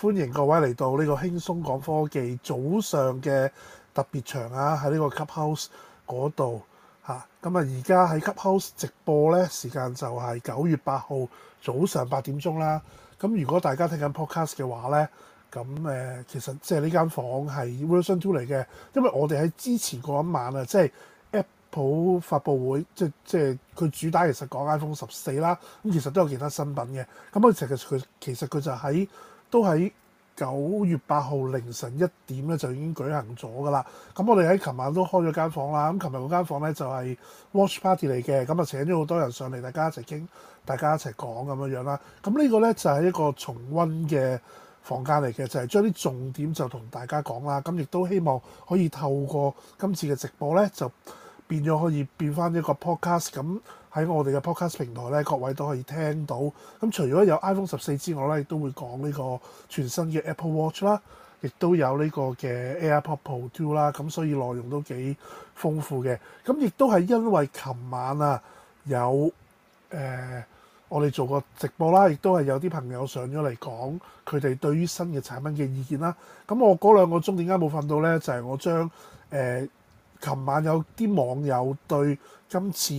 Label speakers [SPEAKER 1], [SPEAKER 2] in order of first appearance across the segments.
[SPEAKER 1] 歡迎各位嚟到呢、這個輕鬆講科技早上嘅特別場啊！喺呢個 Clubhouse 嗰度吓，咁啊而家、嗯、喺 Clubhouse 直播呢，時間就係九月八號早上八點鐘啦。咁、嗯、如果大家睇緊 podcast 嘅話呢，咁、嗯、誒，其實即係呢間房係 version two 嚟嘅，因為我哋喺之前嗰一晚啊，即係。普發佈會即係即係佢主打，其實講 iPhone 十四啦。咁其實都有其他新品嘅。咁啊，其實佢其實佢就喺都喺九月八號凌晨一點咧，就已經舉行咗噶啦。咁我哋喺琴晚都開咗間房啦。咁琴日嗰間房咧就係 Watch Party 嚟嘅。咁啊請咗好多人上嚟，大家一齊傾，大家一齊講咁樣樣啦。咁呢個咧就係一個重溫嘅房間嚟嘅，就係將啲重點就同大家講啦。咁亦都希望可以透過今次嘅直播咧就，變咗可以變翻一個 podcast，咁喺我哋嘅 podcast 平台咧，各位都可以聽到。咁除咗有 iPhone 十四之外咧，亦都會講呢個全新嘅 Apple Watch 啦，亦都有呢個嘅 AirPods Pro Two 啦，咁所以內容都幾豐富嘅。咁亦都係因為琴晚啊，有誒、呃、我哋做個直播啦，亦都係有啲朋友上咗嚟講佢哋對於新嘅產品嘅意見啦。咁我嗰兩個鐘點解冇瞓到呢？就係、是、我將誒。呃琴晚有啲網友對今次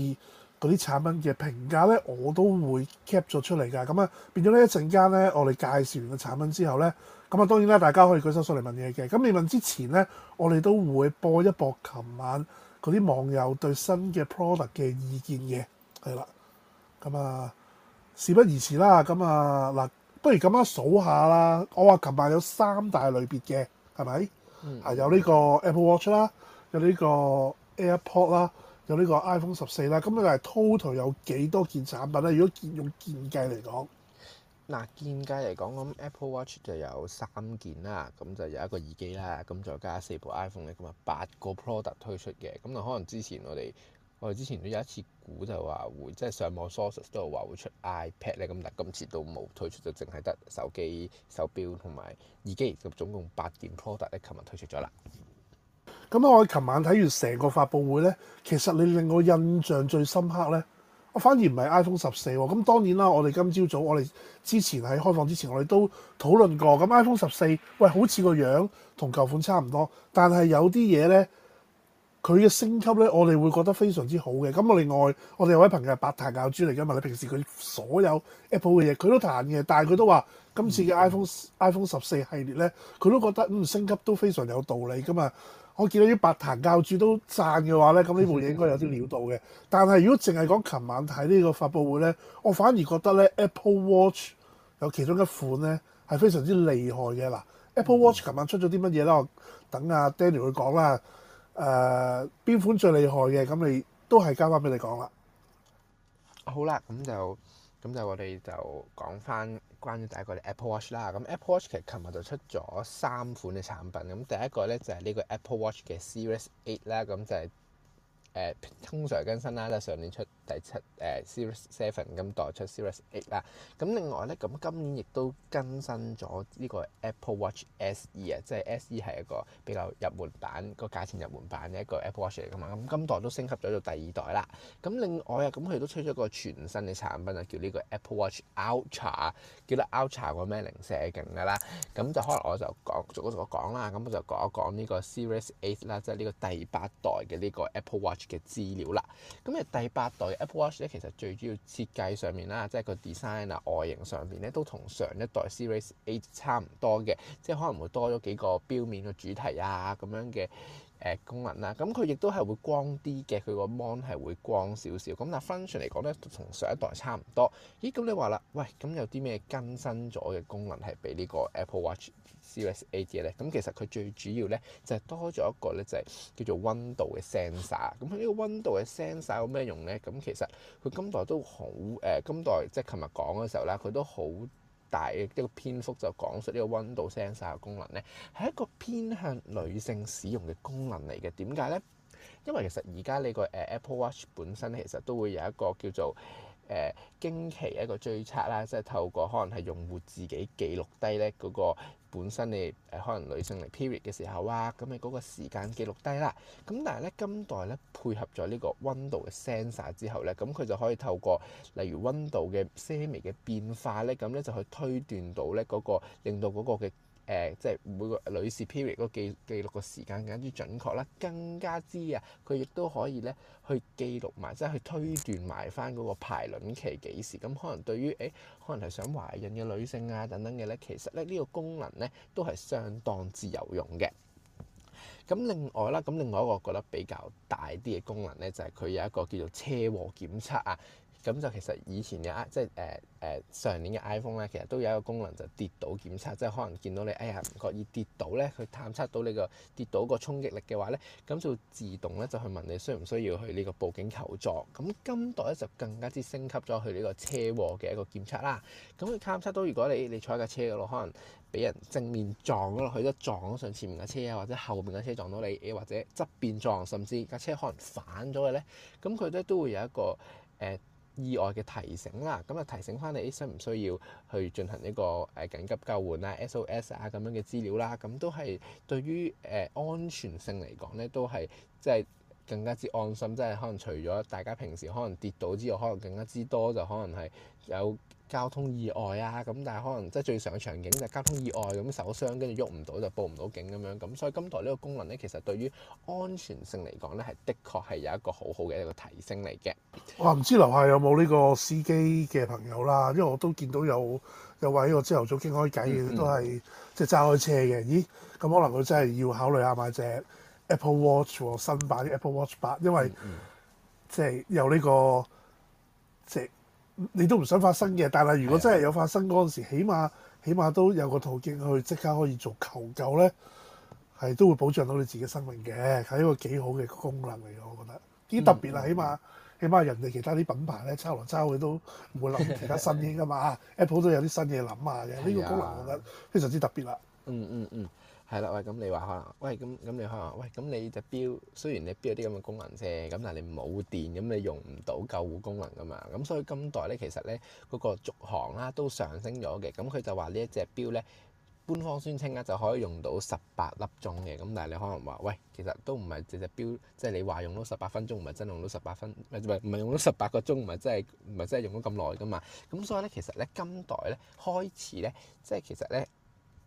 [SPEAKER 1] 嗰啲產品嘅評價咧，我都會 cap 咗出嚟㗎。咁啊，變咗呢一陣間咧，我哋介紹完個產品之後咧，咁啊當然啦，大家可以舉手上嚟問嘢嘅。咁你問之前咧，我哋都會播一播琴晚嗰啲網友對新嘅 product 嘅意見嘅，係啦。咁啊，事不宜遲啦。咁啊嗱，不如咁樣數下啦。我話琴晚有三大類別嘅，係咪？嗯、啊，有呢個 Apple Watch 啦。有呢個 AirPod 啦，有呢個 iPhone 十四啦，咁你係 total 有幾多件產品咧？如果用件計嚟
[SPEAKER 2] 講，嗱件計嚟講，咁 Apple Watch 就有三件啦，咁就有一個耳機啦，咁再加四部 iPhone 咧，咁啊八個 product 推出嘅。咁啊，可能之前我哋我哋之前都有一次估就話會即係上網 sources 都有話會出 iPad 咧，咁但係今次都冇推出，就淨係得手機、手錶同埋耳機，總共八件 product 咧，琴日推出咗啦。
[SPEAKER 1] 咁咧，我琴晚睇完成個發佈會呢，其實你令我印象最深刻呢，我反而唔係 iPhone 十四，哦、咁當然啦，我哋今朝早，早，我哋之前喺開放之前，我哋都討論過。咁 iPhone 十四，喂，好似個樣同舊款差唔多，但係有啲嘢呢，佢嘅升級呢，我哋會覺得非常之好嘅。咁我另外，我哋有位朋友係百達教主嚟噶嘛，你平時佢所有 Apple 嘅嘢佢都彈嘅，但係佢都話今次嘅、嗯、iPhone iPhone 十四系列呢，佢都覺得嗯升級都非常有道理噶嘛。我見到啲白檀教主都讚嘅話咧，咁呢部嘢應該有啲料到嘅。但係如果淨係講琴晚睇呢個發佈會咧，我反而覺得咧 Apple Watch 有其中一款咧係非常之厲害嘅。嗱，Apple Watch 琴晚出咗啲乜嘢咧？嗯、我等阿 Daniel 去講啦。誒、呃，邊款最厲害嘅？咁你都係交翻俾你講啦。
[SPEAKER 2] 好啦，咁就。咁就我哋就講返關於第一個 Apple Watch 啦。咁 Apple Watch 其實琴日就出咗三款嘅產品。咁第一個咧就係、是、呢個 Apple Watch 嘅 Series Eight 啦。咁就係、是、誒、呃、通常更新啦，就上年出。第七誒、uh, Series Seven 今代出 Series Eight 啦，咁另外咧咁今年亦都更新咗呢個 Apple Watch SE 啊，即係 SE 係一個比較入門版，個價錢入門版嘅一個 Apple Watch 嚟噶嘛，咁今代都升級咗做第二代啦。咁另外啊，咁佢都推出一個全新嘅產品啊，叫呢個 Apple Watch Ultra，叫得 Ultra 個咩零舍勁噶啦。咁就可能我就講，逐個講啦，咁我就講一講呢個 Series Eight 啦，即係呢個第八代嘅呢個 Apple Watch 嘅資料啦。咁啊第八代。Apple Watch 咧，其實最主要設計上面啦，即係個 design 啊，外形上邊咧都同上一代 Series 8差唔多嘅，即係可能會多咗幾個錶面嘅主題啊咁樣嘅誒功能啦。咁佢亦都係會光啲嘅，佢個 mon 係會光少少。咁但係 function 嚟講咧，同上一代差唔多。咦？咁你話啦，喂，咁有啲咩更新咗嘅功能係俾呢個 Apple Watch？Series 8啲嘢咧，咁其實佢最主要咧就係多咗一個咧，就係叫做温度嘅 sensor。咁佢呢個温度嘅 sensor 有咩用咧？咁其實佢今代都好誒、呃，今代即係琴日講嘅時候咧，佢都好大一個篇幅就講述呢個温度 sensor 嘅功能咧，係一個偏向女性使用嘅功能嚟嘅。點解咧？因為其實而家你個誒 Apple Watch 本身咧，其實都會有一個叫做誒經期一個追測啦，即係透過可能係用戶自己記錄低咧嗰個本身你，誒可能女性嚟 period 嘅時候啊，咁你嗰個時間記錄低啦，咁但係咧今代咧配合咗呢個温度嘅 sensor 之後咧，咁佢就可以透過例如温度嘅稍微嘅變化咧，咁咧就去推斷到咧、那、嗰個令到嗰個嘅。誒，即係每個女士 period 嗰記記錄個時間更加之準確啦，更加之啊，佢亦都可以咧去記錄埋，即係去推斷埋返嗰個排卵期幾時。咁可能對於誒、欸，可能係想懷孕嘅女性啊等等嘅咧，其實咧呢個功能咧都係相當之有用嘅。咁另外啦，咁另外一個覺得比較大啲嘅功能咧，就係佢有一個叫做車禍檢測啊。咁就其實以前嘅 iPhone，即係誒誒上年嘅 iPhone 咧，其實都有一個功能，就跌倒檢測，即係可能見到你哎呀唔覺意跌倒咧，佢探測到你個跌倒個衝擊力嘅話咧，咁就自動咧就去問你需唔需要去呢個報警求助。咁今代咧就更加之升級咗佢呢個車禍嘅一個檢測啦。咁佢探測到如果你你坐喺架車嗰度，可能俾人正面撞咗落去，都撞咗上前面架車啊，或者後面架車撞到你，或者側邊撞，甚至架車可能反咗嘅咧，咁佢咧都會有一個誒，呃意外嘅提醒啦，咁啊提醒翻你，需唔需要去進行呢個誒緊急救援啦、SOS 啊咁樣嘅資料啦，咁都係對於誒安全性嚟講呢，都係即係更加之安心，即係可能除咗大家平時可能跌倒之外，可能更加之多就可能係有。交通意外啊，咁但係可能即係最常嘅場景就係交通意外，咁受傷跟住喐唔到就報唔到警咁樣，咁所以今台呢個功能咧，其實對於安全性嚟講咧，係的確係有一個好好嘅一個提升嚟嘅。
[SPEAKER 1] 我唔知樓下有冇呢個司機嘅朋友啦，因為我都見到有有位我朝頭早傾開偈嘅都係即係揸開車嘅。咦，咁可能佢真係要考慮下買隻 Apple Watch 新版 Apple Watch 八，因為即係有呢個。你都唔想發生嘅，但係如果真係有發生嗰陣時，的起碼起碼都有個途徑去即刻可以做求救咧，係都會保障到你自己生命嘅，係一個幾好嘅功能嚟嘅。我覺得幾特別啦，起碼起碼人哋其他啲品牌咧，抄來抄去都唔會諗其他新嘢噶嘛。 Apple 都有啲新嘢諗下嘅，呢個功能我覺得
[SPEAKER 2] 非常之特別啦。嗯嗯嗯。 係啦，喂，咁你話可能，喂，咁咁你可能，喂，咁你隻表雖然你表有啲咁嘅功能啫，咁但係你冇電，咁你用唔到救護功能噶嘛，咁所以今代咧，其實咧，嗰個續航啦都上升咗嘅，咁佢就話呢一隻表咧，官方宣稱啊就可以用到十八粒鐘嘅，咁但係你可能話，喂，其實都唔係隻隻表，即係你話用到十八分鐘，唔係真用到十八分，唔係唔係用到十八個鐘，唔係真係唔係真係用咗咁耐噶嘛，咁所以咧，其實咧，今代咧開始咧，即係其實咧。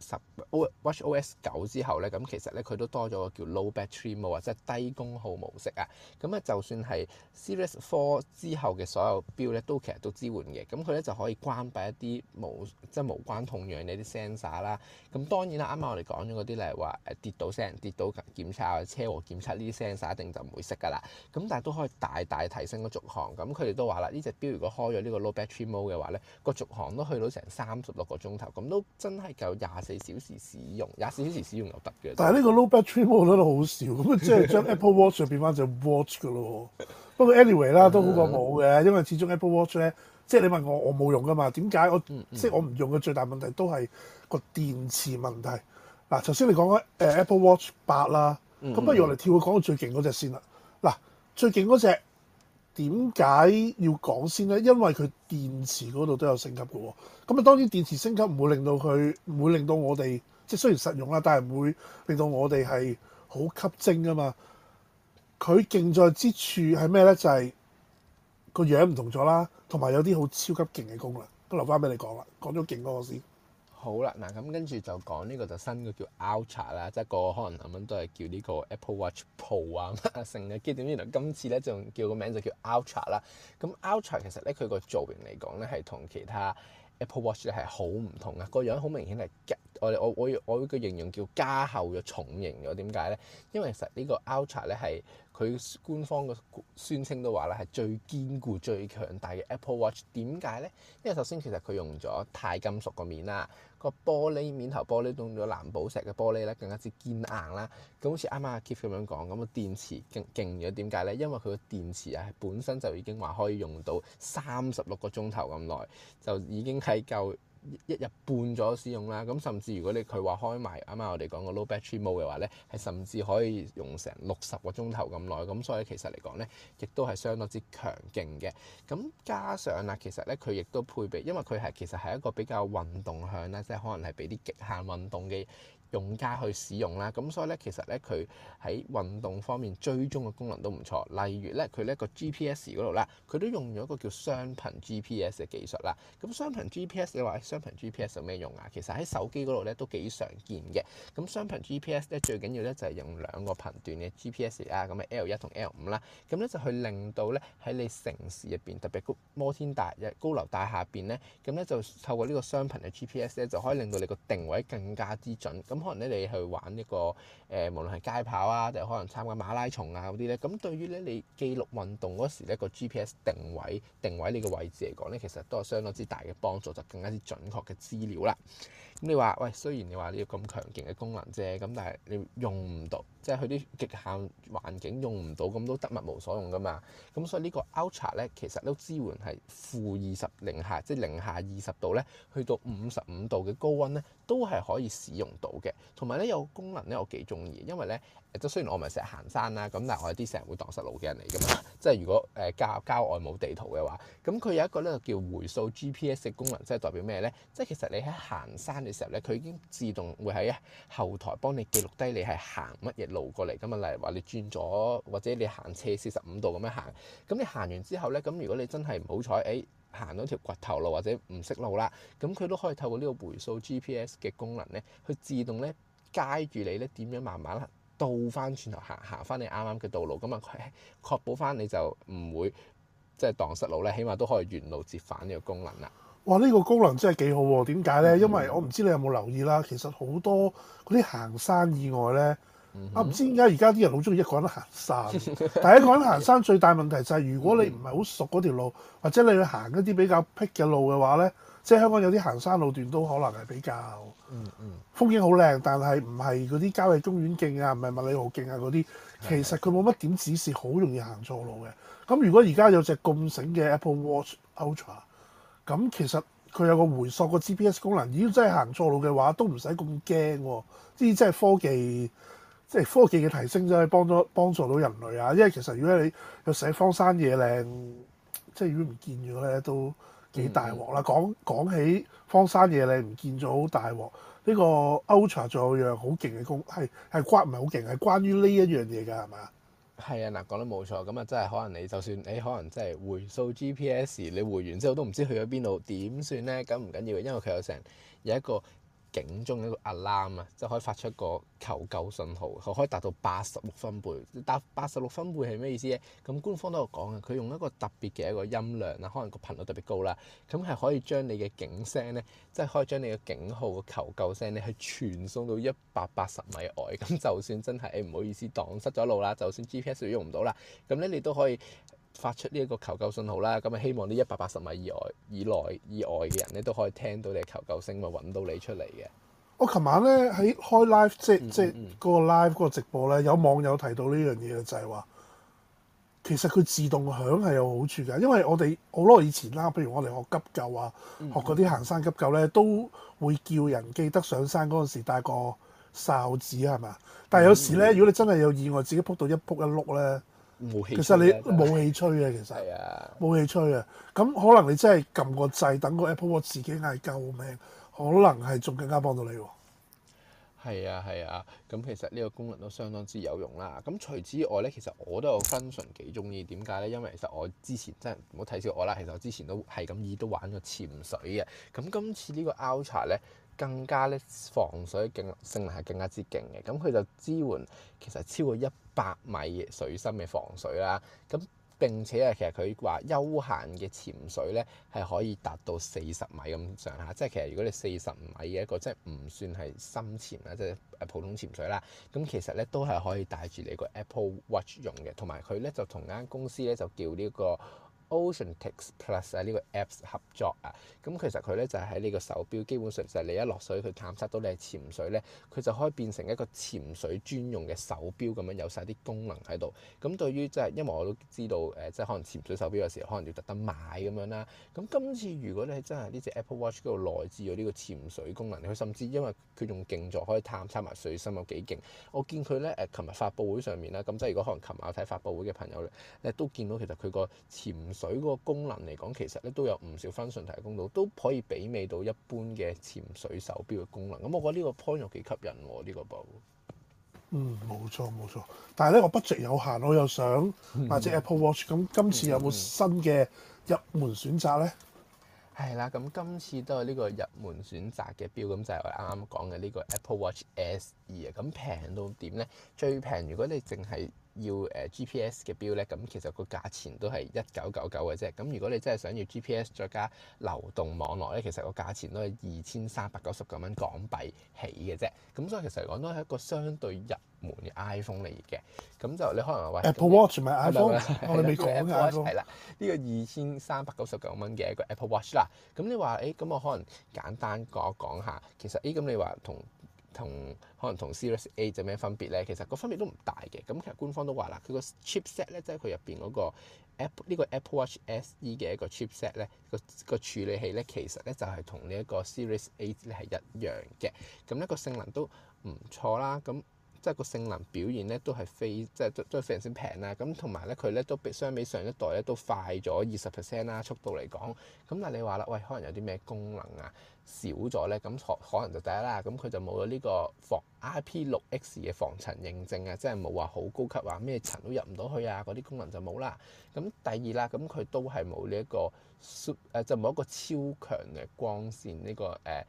[SPEAKER 2] 十 WatchOS 九之後咧，咁其實咧佢都多咗個叫 Low Battery Mode 啊，即係低功耗模式啊。咁啊，就算係 Series Four 之後嘅所有表咧，都其實都支援嘅。咁佢咧就可以關閉一啲無即係無關痛癢嘅啲 sensor 啦。咁當然啦，啱啱我哋講咗嗰啲，例如話誒跌倒聲、跌倒檢測啊、車禍檢測呢啲 sensor 一定就唔會識噶啦。咁但係都可以大大提升個續航。咁佢哋都話啦，呢隻表如果開咗呢個 Low Battery Mode 嘅話咧，個續航都去到成三十六個鐘頭，咁都真係夠廿四小時使用，廿四小時使用就得嘅。但係呢個
[SPEAKER 1] low battery 我覺得好少，咁啊 即係將 Apple Watch 變翻隻 watch 噶咯。 不過 anyway 啦，都好過冇嘅，因為始終 Apple Watch 咧，即係你問我我冇用噶嘛？點解、嗯嗯、我即係我唔用嘅最大問題都係個電池問題。嗱，頭先你講緊誒、呃、Apple Watch 八啦，咁、嗯嗯、不如我哋跳講到最勁嗰隻先啦。嗱，最勁嗰隻。點解要講先呢？因為佢電池嗰度都有升級嘅喎。咁啊，當然電池升級唔會令到佢唔會令到我哋即係雖然實用啦，但係唔會令到我哋係好吸睛啊嘛。佢勁在之處係咩呢？就係、是、個樣唔同咗啦，同埋有啲好超級勁嘅功能都留翻俾你講啦。
[SPEAKER 2] 講咗勁嗰個先。好啦，嗱咁跟住就講呢個就新嘅叫 Ultra 啦，即係個可能咁樣都係叫呢個 Apple Watch Pro 啊，成日叫，點知原來今次咧就叫個名就叫 Ultra 啦。咁 Ultra 其實咧佢個造型嚟講咧係同其他 Apple Watch 咧係好唔同嘅，個樣好明顯係我哋我我我個形容叫加厚嘅重型咗。點解咧？因為其實呢個 Ultra 咧係。佢官方嘅宣稱都話咧係最堅固最強大嘅 Apple Watch，點解咧？因為首先其實佢用咗鈦金屬個面啦，個玻璃面頭玻璃用咗藍寶石嘅玻璃咧更加之堅硬啦。咁好似啱啱阿 Kip 咁樣講，咁個電池勁勁咗，點解咧？因為佢個電池啊本身就已經話可以用到三十六個鐘頭咁耐，就已經係夠。一日半咗使用啦，咁甚至如果你佢話開埋啱啱我哋講個 low battery mode 嘅話咧，係甚至可以用成六十個鐘頭咁耐，咁所以其實嚟講咧，亦都係相當之強勁嘅。咁加上啦，其實咧佢亦都配備，因為佢係其實係一個比較運動向啦，即係可能係俾啲極限運動嘅用家去使用啦，咁所以咧，其實咧佢喺運動方面追蹤嘅功能都唔錯，例如咧，佢呢個 GPS 度啦，佢都用咗一個叫雙頻 GPS 嘅技術啦。咁雙頻 GPS 你話雙頻 GPS 有咩用啊？其實喺手機嗰度咧都幾常見嘅。咁雙頻 GPS 咧最緊要咧就係用兩個頻段嘅 GPS 啊，咁啊 L 一同 L 五啦，咁咧就去令到咧喺你城市入邊特別高摩天大高樓大廈邊咧，咁咧就透過呢個雙頻嘅 GPS 咧就可以令到你個定位更加之準。咁可能咧，你去玩一、這個誒，無論係街跑啊，定係可能參加馬拉松啊嗰啲咧，咁對於咧你記錄運動嗰時咧個 GPS 定位定位你個位置嚟講咧，其實都有相當之大嘅幫助，就更加之準確嘅資料啦。咁你話喂，雖然你話你有咁強勁嘅功能啫，咁但係你用唔到。即係佢啲極限環境用唔到，咁都得物無所用㗎嘛，咁所以呢個 Ultra 咧其實都支援係負二十零下，即係零下二十度咧，去到五十五度嘅高溫咧都係可以使用到嘅。同埋咧有個功能咧我幾鍾意，因為咧即都雖然我唔係成日行山啦，咁但係我有啲成日會蕩失路嘅人嚟㗎嘛。即係如果誒郊、呃、郊外冇地圖嘅話，咁佢有一個咧叫回溯 GPS 嘅功能，即係代表咩咧？即係其實你喺行山嘅時候咧，佢已經自動會喺後台幫你記錄低你係行乜嘢。路過嚟咁啊！例如話，你轉咗或者你行車四十五度咁樣行，咁你行完之後呢，咁如果你真係唔好彩，誒、哎、行到條掘頭路或者唔識路啦，咁佢都可以透過呢個回數 GPS 嘅功能呢，去自動呢 guide 住你呢點樣慢慢倒翻轉頭行，行翻你啱啱嘅道路，咁啊佢確保翻你就唔會即係蕩失路呢，起碼都可以原路折返呢個功能啦。
[SPEAKER 1] 哇！呢、這個功能真係幾好喎，啊？點解呢？嗯、因為我唔知你有冇留意啦，其實好多嗰啲行山意外呢。我唔知點解而家啲人好中意一個人行山，但係一個人行山最大問題就係如果你唔係好熟嗰條路，或者你去行一啲比較僻嘅路嘅話呢，即係香港有啲行山路段都可能係比較風景好靚，但係唔係嗰啲郊野公園徑啊，唔係麥理浩徑啊嗰啲，其實佢冇乜點指示，好容易行錯路嘅。咁如果而家有隻咁醒嘅 Apple Watch Ultra，咁其實佢有個回溯個 GPS 功能，如果真係行錯路嘅話，都唔使咁驚。啲即係科技。即係科技嘅提升真係幫咗幫助到人類啊！因為其實如果你有寫荒山野嶺，即係如果唔見咗咧，都幾大鑊啦。嗯、講講起荒山野嶺唔見咗，好大鑊。呢個 Ultra 仲有樣好勁嘅功能係係關唔係好勁？係關於呢一樣嘢㗎係嘛？
[SPEAKER 2] 係啊，嗱講得冇錯，咁啊真係可能你就算你、欸、可能真係回數 GPS，你回完之後都唔知去咗邊度，點算咧？緊唔緊要？因為佢有成有一個。警鐘一個 alarm 啊，即係可以發出一個求救信號，可可以達到八十六分貝。達八十六分貝係咩意思咧？咁官方都有講嘅，佢用一個特別嘅一個音量啦，可能個頻率特別高啦，咁係可以將你嘅警聲咧，即係可以將你嘅警號嘅求救聲咧，去傳送到一百八十米外。咁就算真係，欸，唔好意思，蕩失咗路啦，就算 GPS 用唔到啦，咁咧你都可以。發出呢一個求救信號啦，咁啊希望呢一百八十米以外、以內、以外嘅人咧都可以聽到你嘅求救聲，咪揾到你出嚟嘅。
[SPEAKER 1] 我琴晚咧喺開 live，即即嗰個 live 嗰個直播咧，有網友提到呢樣嘢就係話其實佢自動響係有好處嘅，因為我哋好耐以前啦，譬如我哋學急救啊，學嗰啲行山急救咧，都會叫人記得上山嗰陣時帶個哨子係咪啊？但係有時咧，如果你真係有意外，自己撲到一撲一碌咧。冇，其實你冇氣吹啊。的其實冇氣吹啊。咁的可能你真係撳個掣，等個 Apple Watch 自己嗌救命，可能係仲更加幫到你喎。
[SPEAKER 2] 係啊，係啊，咁其實呢個功能都相當之有用啦。咁除此之外呢，其實我都有分純幾中意，點解呢？因為其實我之前真係唔好睇小我啦。其實我之前都係咁以都玩咗潛水嘅。咁今次個呢個 out 茶咧，更加咧防水嘅性能係更加之勁嘅，咁佢就支援其實超過一百米水深嘅防水啦。咁並且啊，其實佢話休閒嘅潛水咧係可以達到四十米咁上下，即係其實如果你四十米嘅一個即係唔算係深潛啦，即係誒普通潛水啦。咁其實咧都係可以帶住你個 Apple Watch 用嘅，同埋佢咧就同間公司咧就叫呢個。Ocean Oceanic Plus 啊，呢個 Apps 合作啊，咁其實佢咧就係喺呢個手錶，基本上就係你一落水，佢探測到你係潛水咧，佢就可以變成一個潛水專用嘅手錶咁樣，有晒啲功能喺度。咁對於即係，因為我都知道誒，即係可能潛水手錶有時候，可能要特登買咁樣啦。咁今次如果你真係呢隻 Apple Watch 度內置咗呢個潛水功能，佢甚至因為佢用勁咗可以探測埋水深有幾勁。我見佢咧誒，琴日發佈會上面啦，咁即係如果可能琴晚睇發佈會嘅朋友咧，都見到其實佢個潛水嗰個功能嚟講，其實咧都有唔少 function 提供到，都可以媲美到一般嘅潛水手錶嘅功能。咁我覺得呢個 point 又幾吸引喎，呢、這個部。嗯，
[SPEAKER 1] 冇錯冇錯，但係咧我 budget 有限，我又想買隻 Apple Watch。咁今、嗯、次有冇新嘅入門選擇咧？
[SPEAKER 2] 係、嗯嗯嗯、啦，咁今次都係呢個入門選擇嘅表，咁就係我啱啱講嘅呢個 Apple Watch SE 啊。咁平到點咧？最平如果你淨係。要誒 GPS 嘅表咧，咁其實個價錢都係一九九九嘅啫。咁如果你真係想要 GPS 再加流動網絡咧，其實個價錢都係二千三百九十九蚊港幣起嘅啫。咁所以其實嚟講都係一個相對入門嘅 iPhone 嚟嘅。咁就你可能話對 Apple Watch 咪 iPhone 我哋未講過 Apple Watch 係啦。呢、呢個二千三百九十九蚊嘅一個 Apple Watch 啦。咁你話誒咁我可能簡單個講下，其實誒咁、欸、你話同。同可能同 Series A 就咩分別咧？其實個分別都唔大嘅。咁其實官方都話啦，佢 ch 個 chipset 咧，即係佢入邊嗰個 Apple 呢個 Apple Watch SE 嘅一個 chipset 咧，個個處理器咧，其實咧就係同呢一個 Series A 咧係一樣嘅。咁呢個性能都唔錯啦。咁即係個性能表現咧，都係非，即係都都非常之平啦。咁同埋咧，佢咧都比相比上一代咧都快咗二十 percent 啦，速度嚟講。咁嗱，你話啦，喂，可能有啲咩功能啊少咗咧？咁可可能就第一啦。咁佢就冇咗呢個防 IP 六 X 嘅防塵認證啊，即係冇話好高級話咩塵都入唔到去啊，嗰啲功能就冇啦。咁第二啦，咁佢都係冇呢一個超就冇一個超強嘅光線呢、呢個誒、呃、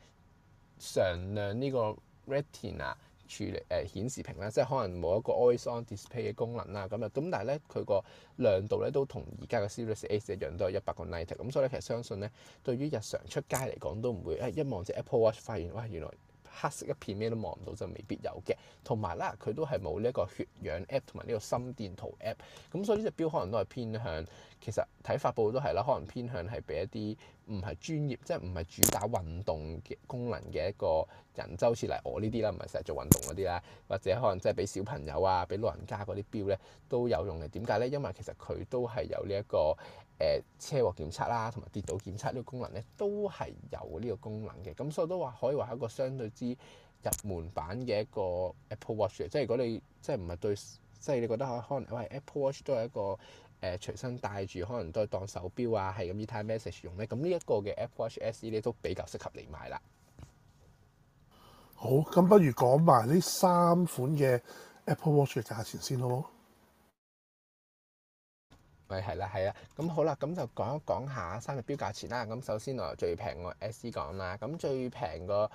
[SPEAKER 2] 常亮呢個 Retina。處理誒、呃、顯示屏啦，即係可能冇一個 Always-on Display 嘅功能啦，咁啊，咁但係咧佢個亮度咧都同而家嘅 Series 8一樣，都係一百個 nit，咁、er，所以咧其實相信咧，對於日常出街嚟講都唔會，誒一望隻 Apple Watch 發現，哇原來。黑色一片，咩都望唔到，就未必有嘅。同埋啦，佢都係冇呢一個血氧 app 同埋呢個心電圖 app。咁所以呢隻表可能都係偏向其實睇發布都係啦，可能偏向係俾一啲唔係專業，即係唔係主打運動嘅功能嘅一個人，就好似嚟我呢啲啦，唔係成日做運動嗰啲啦，或者可能即係俾小朋友啊，俾老人家嗰啲表咧都有用嘅。點解咧？因為其實佢都係有呢一個。誒，車禍檢測啦，同埋跌倒檢測呢個功能咧，都係有呢個功能嘅。咁所以我都話可以話係一個相對之入門版嘅一個 Apple Watch 嚟。即係如果你即係唔係對，即係你覺得可能喂 Apple Watch 都係一個誒隨身帶住，可能都係當手錶啊，係咁 E-TIME MESSAGE 用咧。咁呢一個嘅 Apple Watch SE 咧都比較適合你買啦。
[SPEAKER 1] 好，咁不如講埋呢三款嘅 Apple Watch 嘅價錢先好咯。
[SPEAKER 2] 咪係啦，係啦，咁好啦，咁就講一講下三隻錶價錢啦。咁首先我由最平個 SE 講啦，咁最平個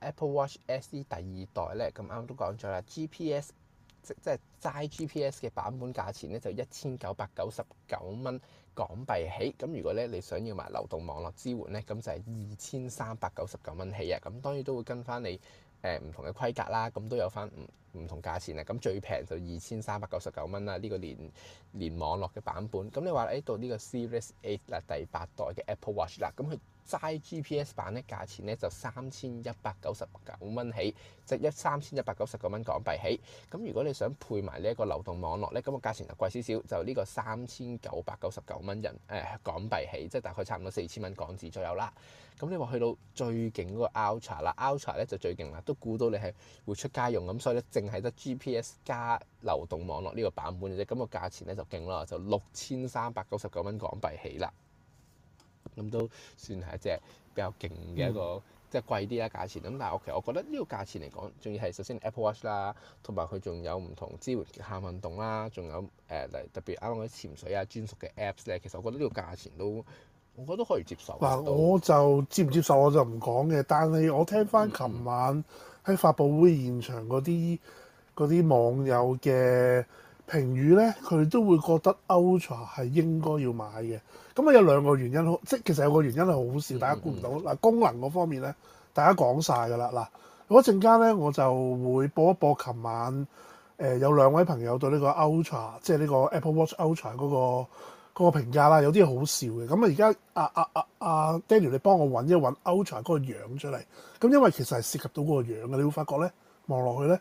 [SPEAKER 2] Apple Watch SE 第二代咧，咁啱都講咗啦，GPS 即即係齋 GPS 嘅版本價錢咧就一千九百九十九蚊港幣起。咁如果咧你想要埋流動網絡支援咧，咁就係二千三百九十九蚊起啊。咁當然都會跟翻你誒唔同嘅規格啦，咁都有翻五。唔同價錢啦，咁最平就二千三百九十九蚊啦，呢個連連網絡嘅版本。咁你話誒到呢個 Series Eight 啦，第八代嘅 Apple Watch 啦，咁佢。齋 GPS 版咧，價錢咧就三千一百九十九蚊起，即一三千一百九十九蚊港幣起。咁如果你想配埋呢一個流動網絡咧，咁個價錢就貴少少，就呢、是、個三千九百九十九蚊人誒、呃、港幣起，即、就、係、是、大概差唔多四千蚊港紙左右啦。咁你話去到最勁嗰個 Ultra 啦，Ultra 咧就最勁啦，都估到你係會出街用咁，所以咧淨係得 GPS 加流動網絡呢個版本嘅，啫，咁個價錢咧就勁啦，就六千三百九十九蚊港幣起啦。咁都算係一隻比較勁嘅一個，嗯、即係貴啲啦，價錢。咁但係我 Watch、呃啊、s, 其實我覺得呢個價錢嚟講，仲要係首先 Apple Watch 啦，同埋佢仲有唔同支援極限運動啦，仲有誒嚟特別啱啱啲潛水啊專屬嘅 Apps 咧。其實我覺得呢個價錢都，我覺得可以接受。
[SPEAKER 1] 我就、嗯、接唔接受我就唔講嘅，但係我聽翻琴晚喺發布會現場嗰啲嗰啲網友嘅評語咧，佢都會覺得 Ultra 係應該要買嘅。咁啊，有兩個原因咯，即係其實有個原因係好笑，大家估唔到嗱。功能嗰方面咧，大家講晒㗎啦嗱。嗰陣間咧，我就會播一播琴晚誒、呃、有兩位朋友對呢個 Ultra 即係呢個 Apple Watch Ultra 嗰個嗰個評價啦。有啲好笑嘅咁啊。而家阿阿阿阿 Daniel，你幫我揾一揾 Ultra 嗰個樣出嚟咁，因為其實係涉及到嗰個樣嘅。你會發覺咧，望落去咧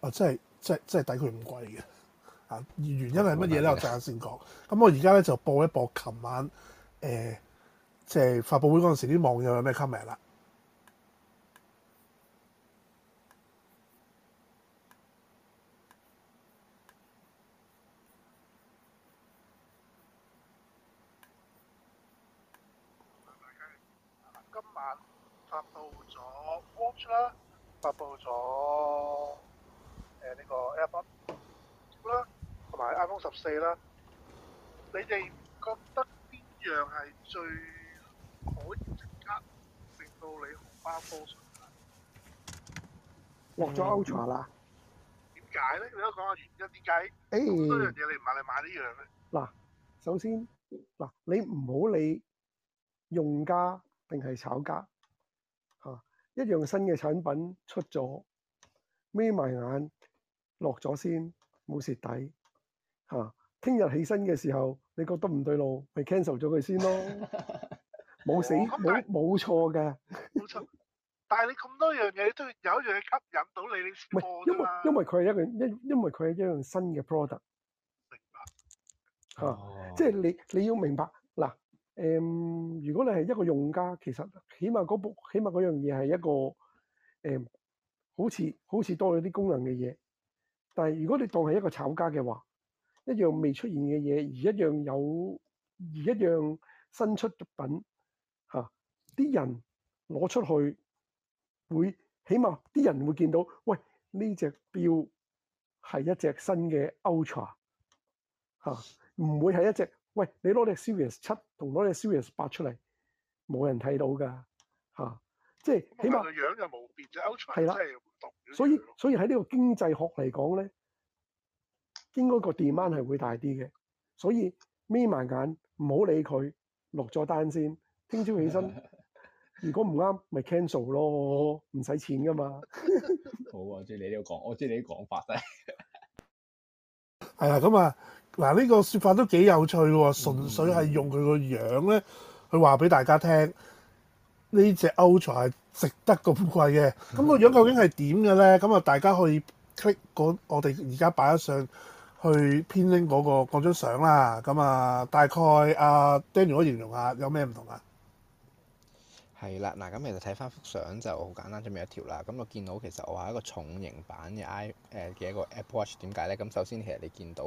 [SPEAKER 1] 啊，真係真係真係抵佢唔貴嘅。啊，原因係乜嘢咧？我等下先講。咁我而家咧就播一播琴晚誒，即、呃、係、就是、發佈會嗰陣時啲網友有咩 comment 啦。今晚發佈咗 Watch 啦，發佈咗誒呢個 App 同埋 iPhone 十四啦，你哋覺
[SPEAKER 3] 得邊樣係最可以即刻令到你荷包上
[SPEAKER 4] 落咗 Ultra 啦？
[SPEAKER 1] 點解咧？你都講下原因，點解咁多樣嘢你唔買？你買，買呢樣
[SPEAKER 4] 咧？嗱、嗯，首先嗱，你唔好理用家定係炒家嚇、啊，一樣新嘅產品出咗，眯埋眼落咗先，冇蝕底。啊！聽日起身嘅時候，你覺得唔對路，咪、就是、cancel 咗佢先咯。冇 死冇冇錯嘅。冇錯、哦，但係錯 你咁多樣嘢，都有一樣吸引到你，你先唔係，因為因為佢係一樣因因為佢係一樣新嘅 product。明白。嚇、啊！啊、即係你你要明白嗱，誒、呃，如果你係一個用家，其實起碼嗰部起碼嗰樣嘢係一個誒、呃，好似好似多咗啲功能嘅嘢。但係如果你當係一個炒家嘅話，一樣未出現嘅嘢，而一樣有而一樣新出嘅品，嚇、啊、啲人攞出去，會起碼啲人會見到，喂呢隻錶係一隻新嘅 Ultra。嚇唔會係一隻喂你攞隻 Series 七同攞隻 Series 八出嚟，冇人睇到噶嚇、啊，即係起碼個樣就冇變，Ultra 係啦，所以所以喺呢個經濟學嚟講咧。應該個 d e m a 係會大啲嘅，所以眯埋眼唔好理佢，落咗單先。聽朝起身， 如果唔啱咪 cancel 咯，唔使錢噶嘛。
[SPEAKER 2] 好 啊，即係你呢個講，我知係你啲講法都
[SPEAKER 1] 係係啦。咁啊嗱，呢個説法都幾有趣喎。純粹係用佢個樣咧去話俾大家聽，呢隻歐才係值得個寶貴嘅。咁個 樣究竟係點嘅咧？咁啊，大家可以 click 嗰我哋而家擺咗上。去編拎嗰個嗰張相啦，咁啊，大概阿、啊、Daniel 形容下有咩唔同啊？
[SPEAKER 2] 係啦，嗱咁其實睇翻幅相就好簡單，就咁一條啦。咁我見到其實我話一個重型版嘅 i 誒嘅一個 Apple Watch，點解咧？咁首先其實你見到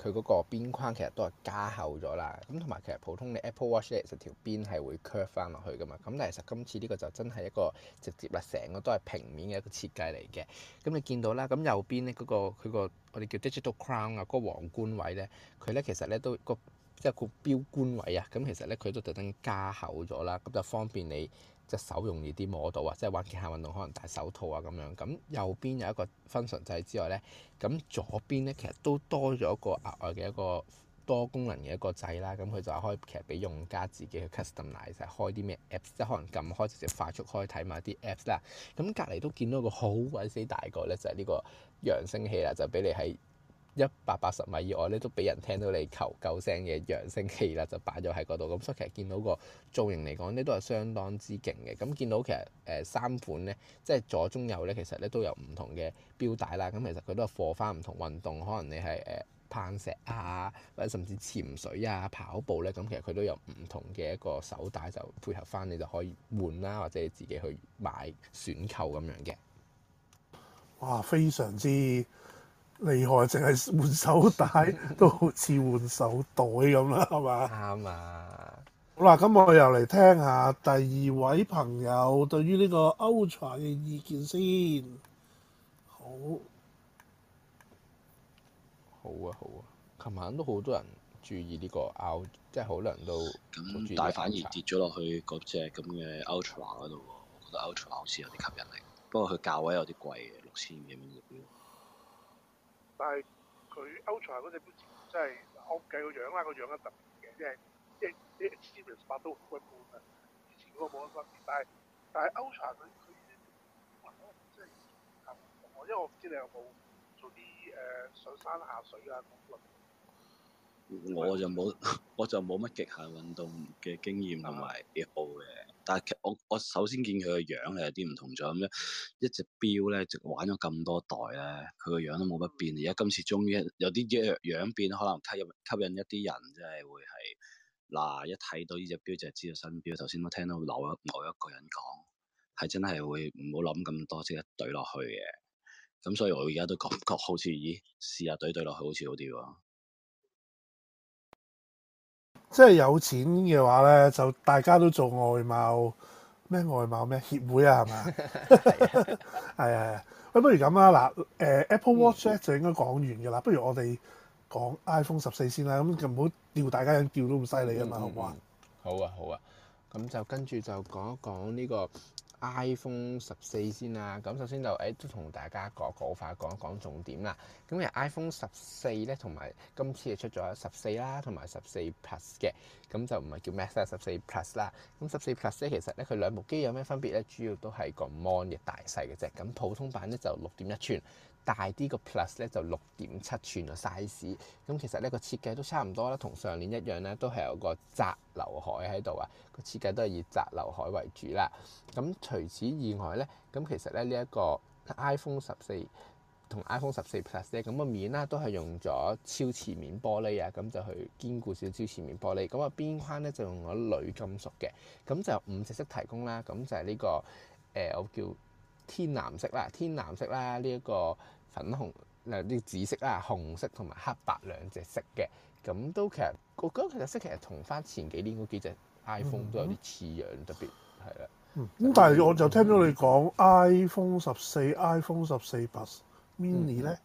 [SPEAKER 2] 佢嗰個邊框其實都係加厚咗啦。咁同埋其實普通嘅 Apple Watch 咧，其實條邊係會 curve 翻落去噶嘛。咁但係其實今次呢個就真係一個直接啦，成個都係平面嘅一個設計嚟嘅。咁你見到啦，咁右邊咧、那、嗰個佢個我哋叫 Digital Crown 啊，嗰個皇冠位咧，佢咧其實咧都個。即係個錶冠位啊，咁其實咧佢都特登加厚咗啦，咁就方便你隻手容易啲摸到啊，即係玩極限運動可能戴手套啊咁樣。咁右邊有一個分唇掣之外咧，咁左邊咧其實都多咗一個額外嘅一個多功能嘅一個掣啦。咁佢就開其實俾用家自己去 customise 開啲咩 apps，即係可能撳開直接快速開睇埋啲 apps 啦。咁隔離都見到一個好鬼死大個咧，就係、是、呢個揚聲器啦，就俾你喺～一百八十米以外咧，都俾人聽到你求救聲嘅揚聲器啦，就擺咗喺嗰度。咁所以其實見到個造型嚟講咧，都係相當之勁嘅。咁見到其實誒三款咧，即係左中右咧，其實咧都有唔同嘅錶帶啦。咁其實佢都係貨翻唔同運動，可能你係誒攀石啊，或者甚至潛水啊、跑步咧，咁其實佢都有唔同嘅一個手帶，就配合翻你就可以換啦，或者你自己去買選購咁樣嘅。
[SPEAKER 1] 哇！非常之～厲害，淨係換手帶都好似換手袋咁啦，
[SPEAKER 2] 係嘛？啱啊！
[SPEAKER 1] 好啦，咁我又嚟聽下第二位朋友對於呢個 Ultra 嘅意見先。
[SPEAKER 2] 好。好啊，好啊！琴晚都好多人注意呢個 Ultra 即係好多人都大反
[SPEAKER 3] 而跌咗落去嗰隻咁嘅 Ultra
[SPEAKER 2] 喺度。我覺得
[SPEAKER 3] Ultra 好似有啲吸引力，不過佢價位有啲貴啊，六千幾蚊個錶。
[SPEAKER 1] 但係佢 Ultra 嗰隻都係唔計個樣啦，個樣特別嘅，即係即係啲 experience 都好一般啊。以前嗰個冇咁特別，但係但係 Ultra 佢佢即係啊，因為我唔知你有冇做啲誒、呃、上山下水啊咁
[SPEAKER 3] 我就冇，我就冇乜極限運動嘅經驗同埋幾好嘅，但係我我首先見佢個樣係有啲唔同咗咁樣，一隻表咧，就玩咗咁多代咧，佢個樣都冇乜變。而家今次終於有啲樣變，可能吸引吸引一啲人真係會係嗱、啊、一睇到呢隻表就係知道新表。頭先我聽到某一某一個人講，係真係會唔好諗咁多，即係懟落去嘅。咁所以我而家都感覺好似，咦？試下懟懟落去好似好啲喎。
[SPEAKER 1] 即係有錢嘅話咧，就大家都做外貌咩外貌咩協會啊，係係，係嘛？係係。喂，不如咁啦，嗱、嗯、誒、嗯嗯、Apple Watch 就應該講完㗎啦，不如我哋講 iPhone 十四先啦，咁就唔好吊大家一吊到咁犀利啊嘛，好唔好、嗯
[SPEAKER 2] 嗯？好啊好啊，咁就跟住就講一講呢、呢個。iPhone 十四先啦，咁首先就誒、欸、都同大家講講快，講一講重點啦。咁而 iPhone 十四咧，同埋今次出咗十四啦，同埋十四 Plus 嘅，咁就唔係叫 Max 啦，十四 Plus 啦。咁十四 Plus 咧，其實咧佢兩部機有咩分別咧？主要都係個 mon 嘅大細嘅啫。咁普通版咧就六點一寸。大啲個 Plus 咧就六點七寸個 size，咁其實呢個設計都差唔多啦，同上年一樣咧，都係有個窄流海喺度啊，個設計都係以窄流海為主啦。咁除此以外咧，咁其實咧呢一個 iPhone 十四同 iPhone 十四 Plus 咧，咁個面啦都係用咗超瓷面玻璃啊，咁就去堅固少少超瓷面玻璃。咁個邊框咧就用咗鋁金屬嘅，咁就五隻色提供啦。咁就係、是、呢、這個誒、呃、我叫。天藍色啦，天藍色啦，呢、這、一個粉紅誒啲、呃這個、紫色啦，紅色同埋黑白兩隻色嘅，咁都其實我覺得其實色其實同返前幾年嗰幾隻 iPhone、嗯、哼都有啲似樣，特別係啦。
[SPEAKER 1] 咁、嗯、哼但係我就聽到你講、嗯、哼 iPhone 十四、嗯哼、iPhone 十四 Plus Mini 咧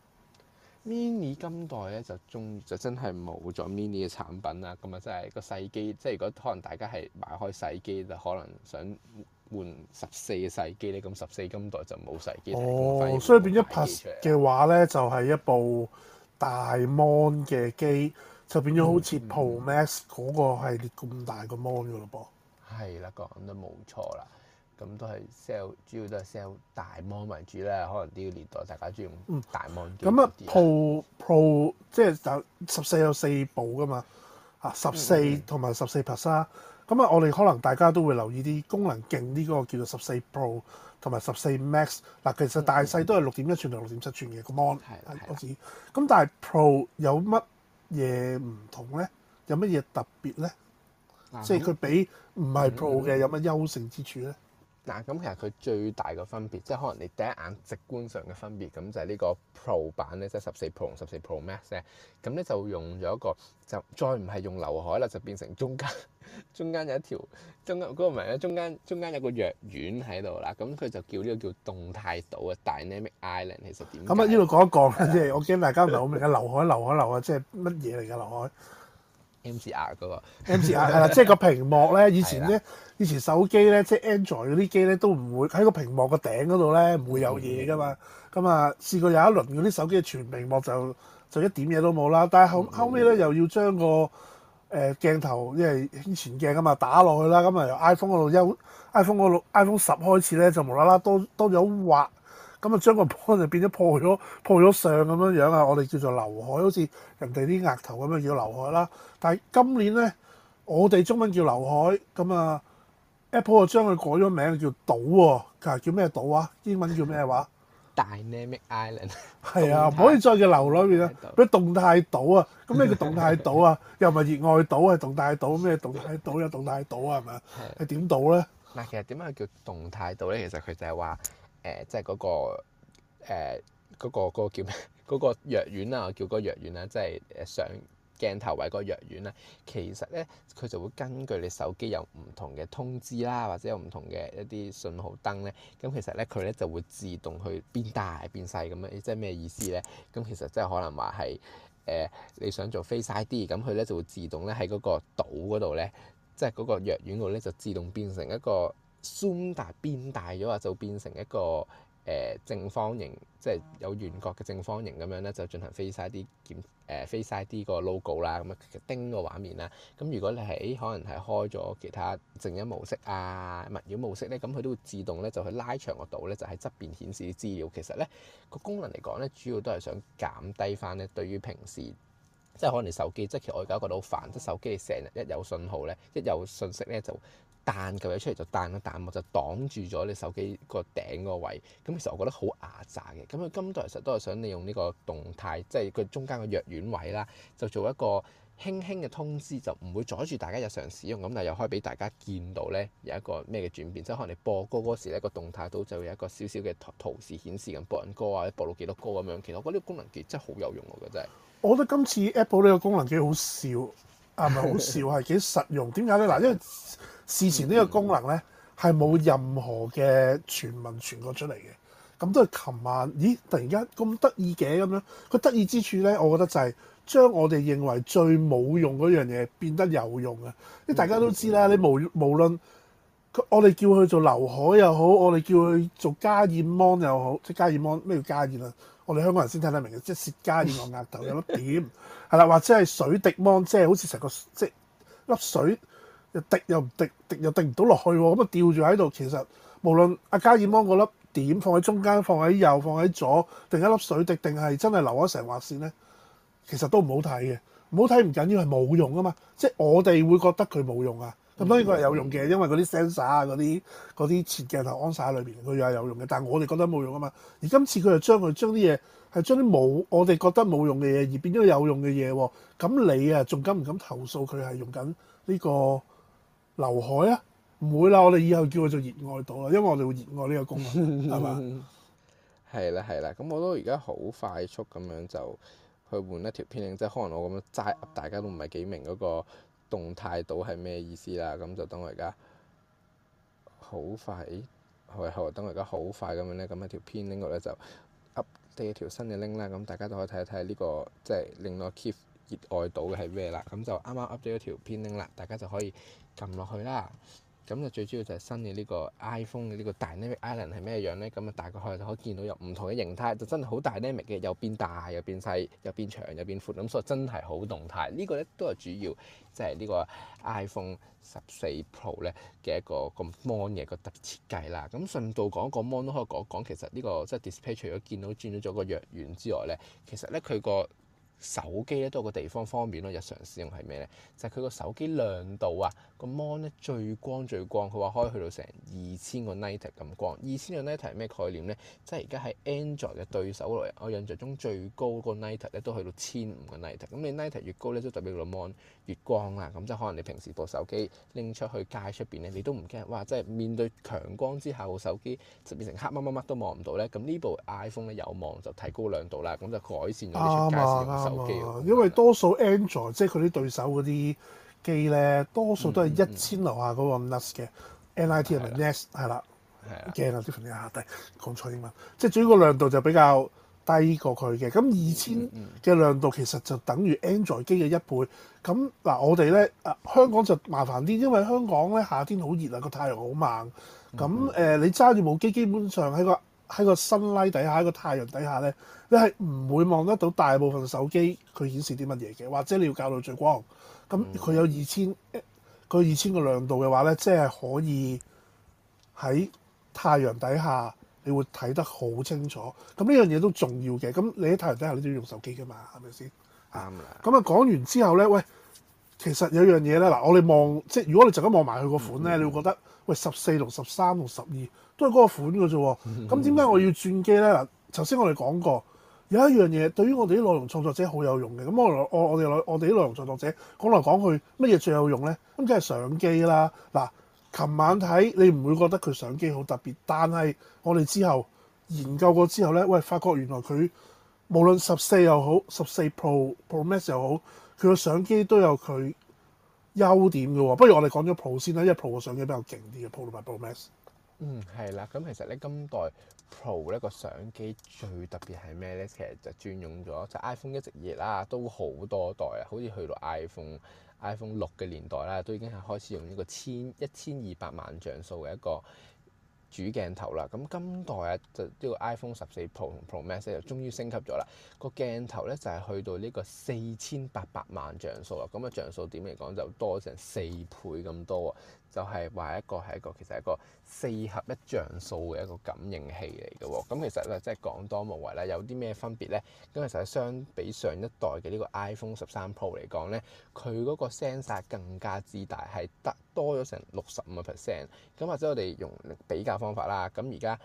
[SPEAKER 2] ，Mini 今代咧就終就真係冇咗 Mini 嘅產品啦。咁啊，真係個細機，即係如果可能大家係買開細機，就可能想。換十四嘅細機咧，咁十四今代就冇細機。機機哦，所以變
[SPEAKER 1] 咗 Plus 嘅話咧，就係一部大 Mon 嘅機，嗯、就變咗好似 Pro Max 嗰個系列咁大個 Mon 噶咯噃。
[SPEAKER 2] 係啦、嗯，講、嗯、得冇錯啦。咁都係 sell，主要都係 sell 大 Mon 為主啦。可能呢個年代大家專用大 Mon。咁啊
[SPEAKER 1] ，Pro Pro 即係就十四有四部噶嘛？啊、嗯，十四同埋十四 Plus 啊。咁啊，我哋可能大家都會留意啲功能勁啲嗰個叫做十四 Pro 同埋十四 Max。嗱，其實大細都係六點一寸同六點七寸嘅個芒係 n 係嗰啲。咁但係 Pro 有乜嘢唔同咧？有乜嘢特別咧？嗯、即係佢比唔係 Pro 嘅有乜優勝之處咧？
[SPEAKER 2] 嗱咁，其實佢最大個分別，即係可能你第一眼直觀上嘅分別，咁就係呢個 Pro 版咧，即係十四 Pro 同十四 Pro Max 咧，咁咧就用咗一個就再唔係用劉海啦，就變成中間中間有一條中嗰個咩咧？中間中間，中間有個藥丸喺度啦。咁佢就叫呢個叫動態島啊，Dynamic Island。其實點咁啊？呢度講一講啦，
[SPEAKER 1] 即係我驚大家唔明我哋嘅劉海劉海流啊，即係
[SPEAKER 2] 乜嘢嚟嘅劉海？M 字壓噶喎，M 字壓係啦，即、就、係、是、個
[SPEAKER 1] 屏幕咧，以前咧，以前手機咧，即、就、係、是、Android 嗰啲機咧，都唔會喺個屏幕個頂嗰度咧，唔會有嘢噶嘛。咁、嗯、啊，嗯嗯、試過有一輪嗰啲手機嘅全屏幕就就一點嘢都冇啦。但係後、嗯、後屘咧又要將個誒、呃、鏡頭，因為前鏡噶嘛，打落去啦。咁啊，由 iPhone 嗰度優，iPhone 嗰度 iPhone 十開始咧，就無啦啦多多咗畫。咁啊，將個波就變咗破咗，破咗上咁樣樣啊！我哋叫做劉海，好似人哋啲額頭咁樣叫劉海啦。但係今年咧，我哋中文叫劉海，咁啊，Apple 又將佢改咗名，叫島喎、哦。佢叫咩島啊？英文叫咩話
[SPEAKER 2] ？Dynamic Island
[SPEAKER 1] 係啊，唔可以再叫劉咯，裏面啊。咩動態島啊？咁咩叫動態島啊？ 又唔係熱愛島，係動態島咩？動態島又動態島係咪啊？係點 島咧？
[SPEAKER 2] 嗱，其實點解叫動態島咧？其實佢就係、是、話。誒、呃，即係嗰、嗰個誒，嗰、呃嗰個嗰個、叫咩？嗰、嗰個藥丸啊，叫個藥丸啊，即係誒上鏡頭位個藥丸啊。其實咧，佢就會根據你手機有唔同嘅通知啦，或者有唔同嘅一啲信號燈咧，咁其實咧，佢咧就會自動去變大變細咁樣。即係咩意思咧？咁其實即係可能話係誒，你想做 Face ID，咁佢咧就會自動咧喺嗰個島嗰度咧，即係嗰個藥丸度咧就自動變成一個。Zoom 大變大咗呀，就變成一個誒、呃、正方形，即係有圓角嘅正方形咁樣咧，就進行 Face ID 啲檢誒 Face ID 啲個 logo 啦，咁啊釘個畫面啦。咁如果你係可能係開咗其他靜音模式啊、勿擾模式咧，咁佢都會自動咧就去拉長個度咧，就喺側邊顯示啲資料。其實咧個功能嚟講咧，主要都係想減低翻咧，對於平時即係可能你手機即係其實我而家覺得好煩，即係手機成日一有信號咧，一有信息咧就。彈嚿嘢出嚟就彈個彈幕就擋住咗你手機個頂個位，咁其實我覺得好牙渣嘅。咁佢今代其實都係想利用呢個動態，即係佢中間個藥丸位啦，就做一個輕輕嘅通知，就唔會阻住大家日常使用，咁但係又可以俾大家見到咧有一個咩嘅轉變。即係可能你播歌嗰時咧個動態都就會有一個小小嘅圖示顯示咁播緊歌啊，播到幾多歌咁樣。其實我覺得呢個功能機真係好有用㗎，真係。
[SPEAKER 1] 我覺得今次 Apple 呢個功能機好笑，啊唔係好笑？係 幾實用。點解咧？嗱，因為事前呢個功能呢，係冇任何嘅傳聞傳過出嚟嘅，咁都係琴晚，咦？突然間咁得意嘅咁樣，佢得意之處呢，我覺得就係、是、將我哋認為最冇用嗰樣嘢變得有用啊！即大家都知啦，你無無論我哋叫佢做流海又好，我哋叫佢做加熱 mon 又好，即係加熱 mon 咩叫加熱啊？我哋香港人先睇得明嘅，即係蝕加熱我額頭有粒點係啦， 或者係水滴 mon 即係好似成個即粒水。又滴又唔滴，滴又滴唔到落去喎，咁啊吊住喺度。其實無論阿加爾芒嗰粒點放喺中間，放喺右，放喺左，定一粒水滴，定係真係流咗成畫線咧，其實都唔好睇嘅。唔好睇唔緊要，係冇用啊嘛。即係我哋會覺得佢冇用啊。咁當然佢係有用嘅，因為嗰啲 sensor 啊，嗰啲嗰啲攝鏡頭安曬喺裏邊，佢又係有用嘅。但係我哋覺得冇用啊嘛。而今次佢又將佢將啲嘢係將啲冇我哋覺得冇用嘅嘢，而變咗有用嘅嘢喎。咁你啊，仲敢唔敢投訴佢係用緊呢個？劉海啊，唔會啦！我哋以後叫佢做熱愛島啦，因為我哋會熱愛呢個
[SPEAKER 2] 功能係嘛？係啦係啦，咁我都而家好快速咁樣就去換一條 Pinned，Link, 即係可能我咁樣齋大家都唔係幾明嗰個動態島係咩意思啦。咁就等我而家好快，係係等我而家好快咁樣咧，咁一條 Pinned Link 我咧就 up 啲條新嘅 Link 啦。咁大家都可以睇一睇呢個即係令我 keep 熱愛島嘅係咩啦？咁就啱啱 up 咗一條 Pinned Link 啦，大家就可以看看、這個。撳落去啦，咁就最主要就係新嘅呢個 iPhone 嘅呢個 Dynamic Island 係咩樣咧？咁啊，大概可以可見到有唔同嘅形態，就真係好 Dynamic 嘅，又變大又變細又變長又變闊，咁所以真係好動態。呢、呢個咧都係主要即係呢個 iPhone 十四 Pro 咧嘅一個咁 mon 嘅個特別設計啦。咁順道講、嗰個 mon 都可以講一講，其實呢個即係 display 除咗見到轉咗個藥丸之外咧，其實咧佢個手機咧都有個地方方便咯，日常使用係咩咧？就係佢個手機亮度啊，個 mon 咧最光最光，佢話可以去到成二千個 nit 嘅咁光。二千個 nit 係咩概念咧？即係而家喺 Android 嘅對手來，我印象中最高個 nit 咧都去到千五個 nit。咁你 nit 越高咧，都代表個 mon 越光啦。咁即係可能你平時部手機拎出去街出邊咧，你都唔驚。哇！即係面對強光之下手機就變成黑乜乜乜都望唔到咧。咁呢部 iPhone 咧有望就提高亮度啦，咁就改善咗呢出街、啊。嗯嗯嗯、
[SPEAKER 1] 因為多數 Android 即係佢啲對手嗰啲機咧，多數都係一千樓下嗰個 Nas 嘅，NIT 係咪 Nas 係啦，勁啊 s t e 下低講錯英文，即係主要個亮度就比較低過佢嘅。咁二千嘅亮度其實就等於 Android 機嘅一倍。咁嗱，我哋咧，香港就麻煩啲，因為香港咧夏天好熱啊，個太陽好猛。咁誒、呃，你揸住部機，基本上喺個。喺個 sunlight 底下，喺個太陽底下咧，你係唔會望得到大部分手機佢顯示啲乜嘢嘅，或者你要校到最光。咁佢有二千，佢有二千個亮度嘅話咧，即係可以喺太陽底下，你會睇得好清楚。咁呢樣嘢都重要嘅。咁你喺太陽底下，你都要用手機㗎嘛，係咪先？啱咁、mm hmm. 啊講完之後咧，喂，其實有樣嘢咧，嗱，我哋望即係如果你就咁望埋佢個款咧，mm hmm. 你會覺得喂十四、六、十三、六、十二。都係嗰個款嘅啫。咁點解我要轉機咧？嗱，頭先我哋講過有一樣嘢，對於我哋啲內容創作者好有用嘅。咁我我我哋我我哋啲內容創作者講來講去，乜嘢最有用咧？咁梗係相機啦。嗱，琴晚睇你唔會覺得佢相機好特別，但係我哋之後研究過之後咧，喂，發覺原來佢無論十四又好，十四 Pro Pro Max 又好，佢個相機都有佢優點嘅。不如我哋講咗 Pro 先啦，因為 Pro 嘅相機比較勁
[SPEAKER 2] 啲嘅 Pro 同埋 Pro Max。嗯，係啦。咁其實咧，今代 Pro 呢個相機最特別係咩呢？其實就轉用咗，就 iPhone 一直熱啦，都好多代啊。好似去到 iPhone, iPhone iPhone 六嘅年代啦，都已經係開始用呢個千一千二百萬像素嘅一個主鏡頭啦。咁今代啊，就呢個 iPhone 十四 Pro 同 Pro Max 就終於升級咗啦。個鏡頭呢，就係、是、去到呢個四千八百萬像素啦。咁啊，像素點嚟講就多成四倍咁多啊。就係、是、話一個係一個，其實係一個。四合一像素嘅一個感應器嚟嘅喎，咁其實咧即係講多無謂啦，有啲咩分別咧？咁其實相比上一代嘅呢個 iPhone 十三 Pro 嚟講咧，佢嗰個聲勢更加之大，係得多咗成六十五個 percent。咁或者我哋用比較方法啦，咁而家。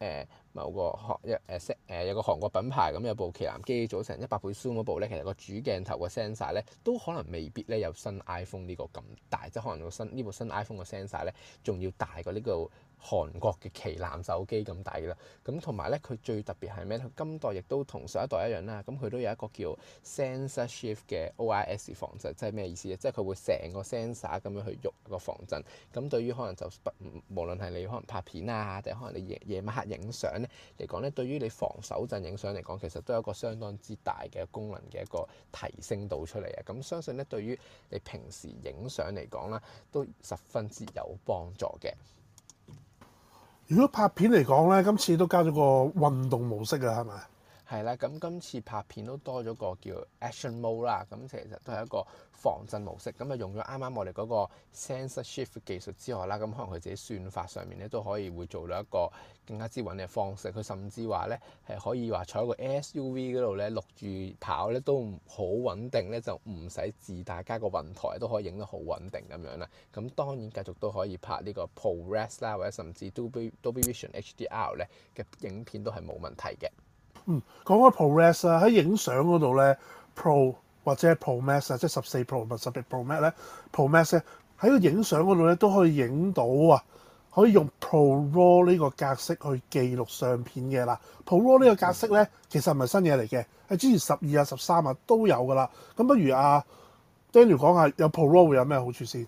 [SPEAKER 2] 誒、呃、某個韓、呃呃、一誒聲誒有個韓國品牌咁有部旗艦機組，組成一百倍 Zoom 嗰部咧，其實個主鏡頭個 sensor 咧都可能未必咧有新 iPhone 呢個咁大，即可能個新呢部新 iPhone 個 sensor 咧仲要大過呢、呢個。韓國嘅旗艦手機咁大啦，咁同埋咧，佢最特別係咩？今代亦都同上一代一樣啦，咁佢都有一個叫 sensor shift 嘅 OIS 防，防震，即係咩意思咧？即係佢會成個 sensor 咁樣去喐個防震。咁對於可能就不無論係你可能拍片啊，定係可能你夜夜晚黑影相咧嚟講咧，對於你防手震影相嚟講，其實都有一個相當之大嘅功能嘅一個提升度出嚟啊！咁相信咧，對於你平時影相嚟講啦，都十分之有幫助嘅。
[SPEAKER 1] 如果拍片嚟講呢，今次都加咗個運動模式啊，係咪？
[SPEAKER 2] 係啦，咁今次拍片都多咗個叫 Action Mode 啦。咁其實都係一個防震模式，咁啊用咗啱啱我哋嗰個 Sensor Shift 技術之外啦，咁可能佢自己算法上面咧都可以會做到一個更加之穩定嘅方式。佢甚至話咧係可以話坐一個 SUV 嗰度咧錄住跑咧都好穩定咧，就唔使自大家個雲台都可以影得好穩定咁樣啦。咁當然繼續都可以拍呢個 ProRes 啦，或者甚至 Dolby Vision HDR 咧嘅影片都係冇問題嘅。
[SPEAKER 1] 嗯，講開 ProRes 啊，喺影相嗰度咧，Pro 或者 ProMax 啊，ax, 即係十四 Pro 同十 b ProMax 咧，ProMax 咧喺個影相嗰度咧都可以影到啊，可以用 ProRaw 呢個格式去記錄相片嘅啦。ProRaw 呢個格式咧其實唔係新嘢嚟嘅，係之前十二啊、十三啊都有㗎啦。咁不如啊 Daniel 講下有 ProRaw 會有咩好處先。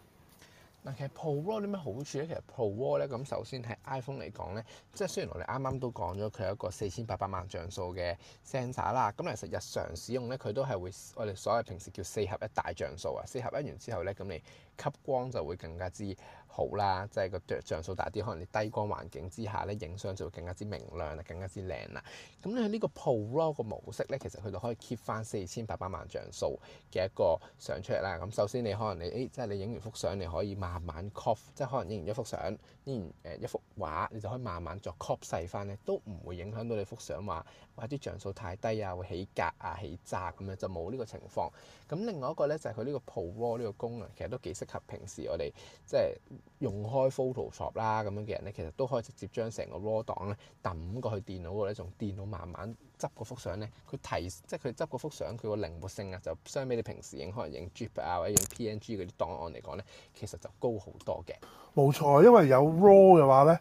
[SPEAKER 2] 嗱，其實 Pro Raw 啲咩好處咧？其實 Pro Raw 咧，咁首先喺 iPhone 嚟講咧，即係雖然我哋啱啱都講咗佢有一個四千八百萬像素嘅 sensor 啦。咁其實日常使用咧，佢都係會我哋所謂平時叫四合一大像素啊。四合一完之後咧，咁你吸光就會更加之。好啦，即係個像素大啲，可能你低光環境之下咧，影相就會更加之明亮啦，更加之靚啦。咁你喺呢個 Pro 嘅模式咧，其實佢都可以 keep 翻四千八百萬像素嘅一個相出嚟啦。咁首先你可能你，誒、欸，即係你影完幅相，你可以慢慢 crop，即係可能影完一幅相，影誒一幅畫，你就可以慢慢再 crop 細翻咧，都唔會影響到你幅相畫。啲、啊、像素太低啊，會起格啊、起渣咁樣就冇呢個情況。咁另外一個咧就係佢呢個 ProRaw 呢個功能，其實都幾適合平時我哋即係用開 Photoshop 啦咁樣嘅人咧，其實都可以直接將成個 Raw 檔咧揼過去電腦度咧，從電腦慢慢執個幅相咧，佢提即係佢執個幅相佢個靈活性啊，就相比你平時影可能影 JPEG 啊或者影 PNG 嗰啲檔案嚟講咧，其實就高好多嘅。
[SPEAKER 1] 冇錯，因為有 Raw 嘅話咧。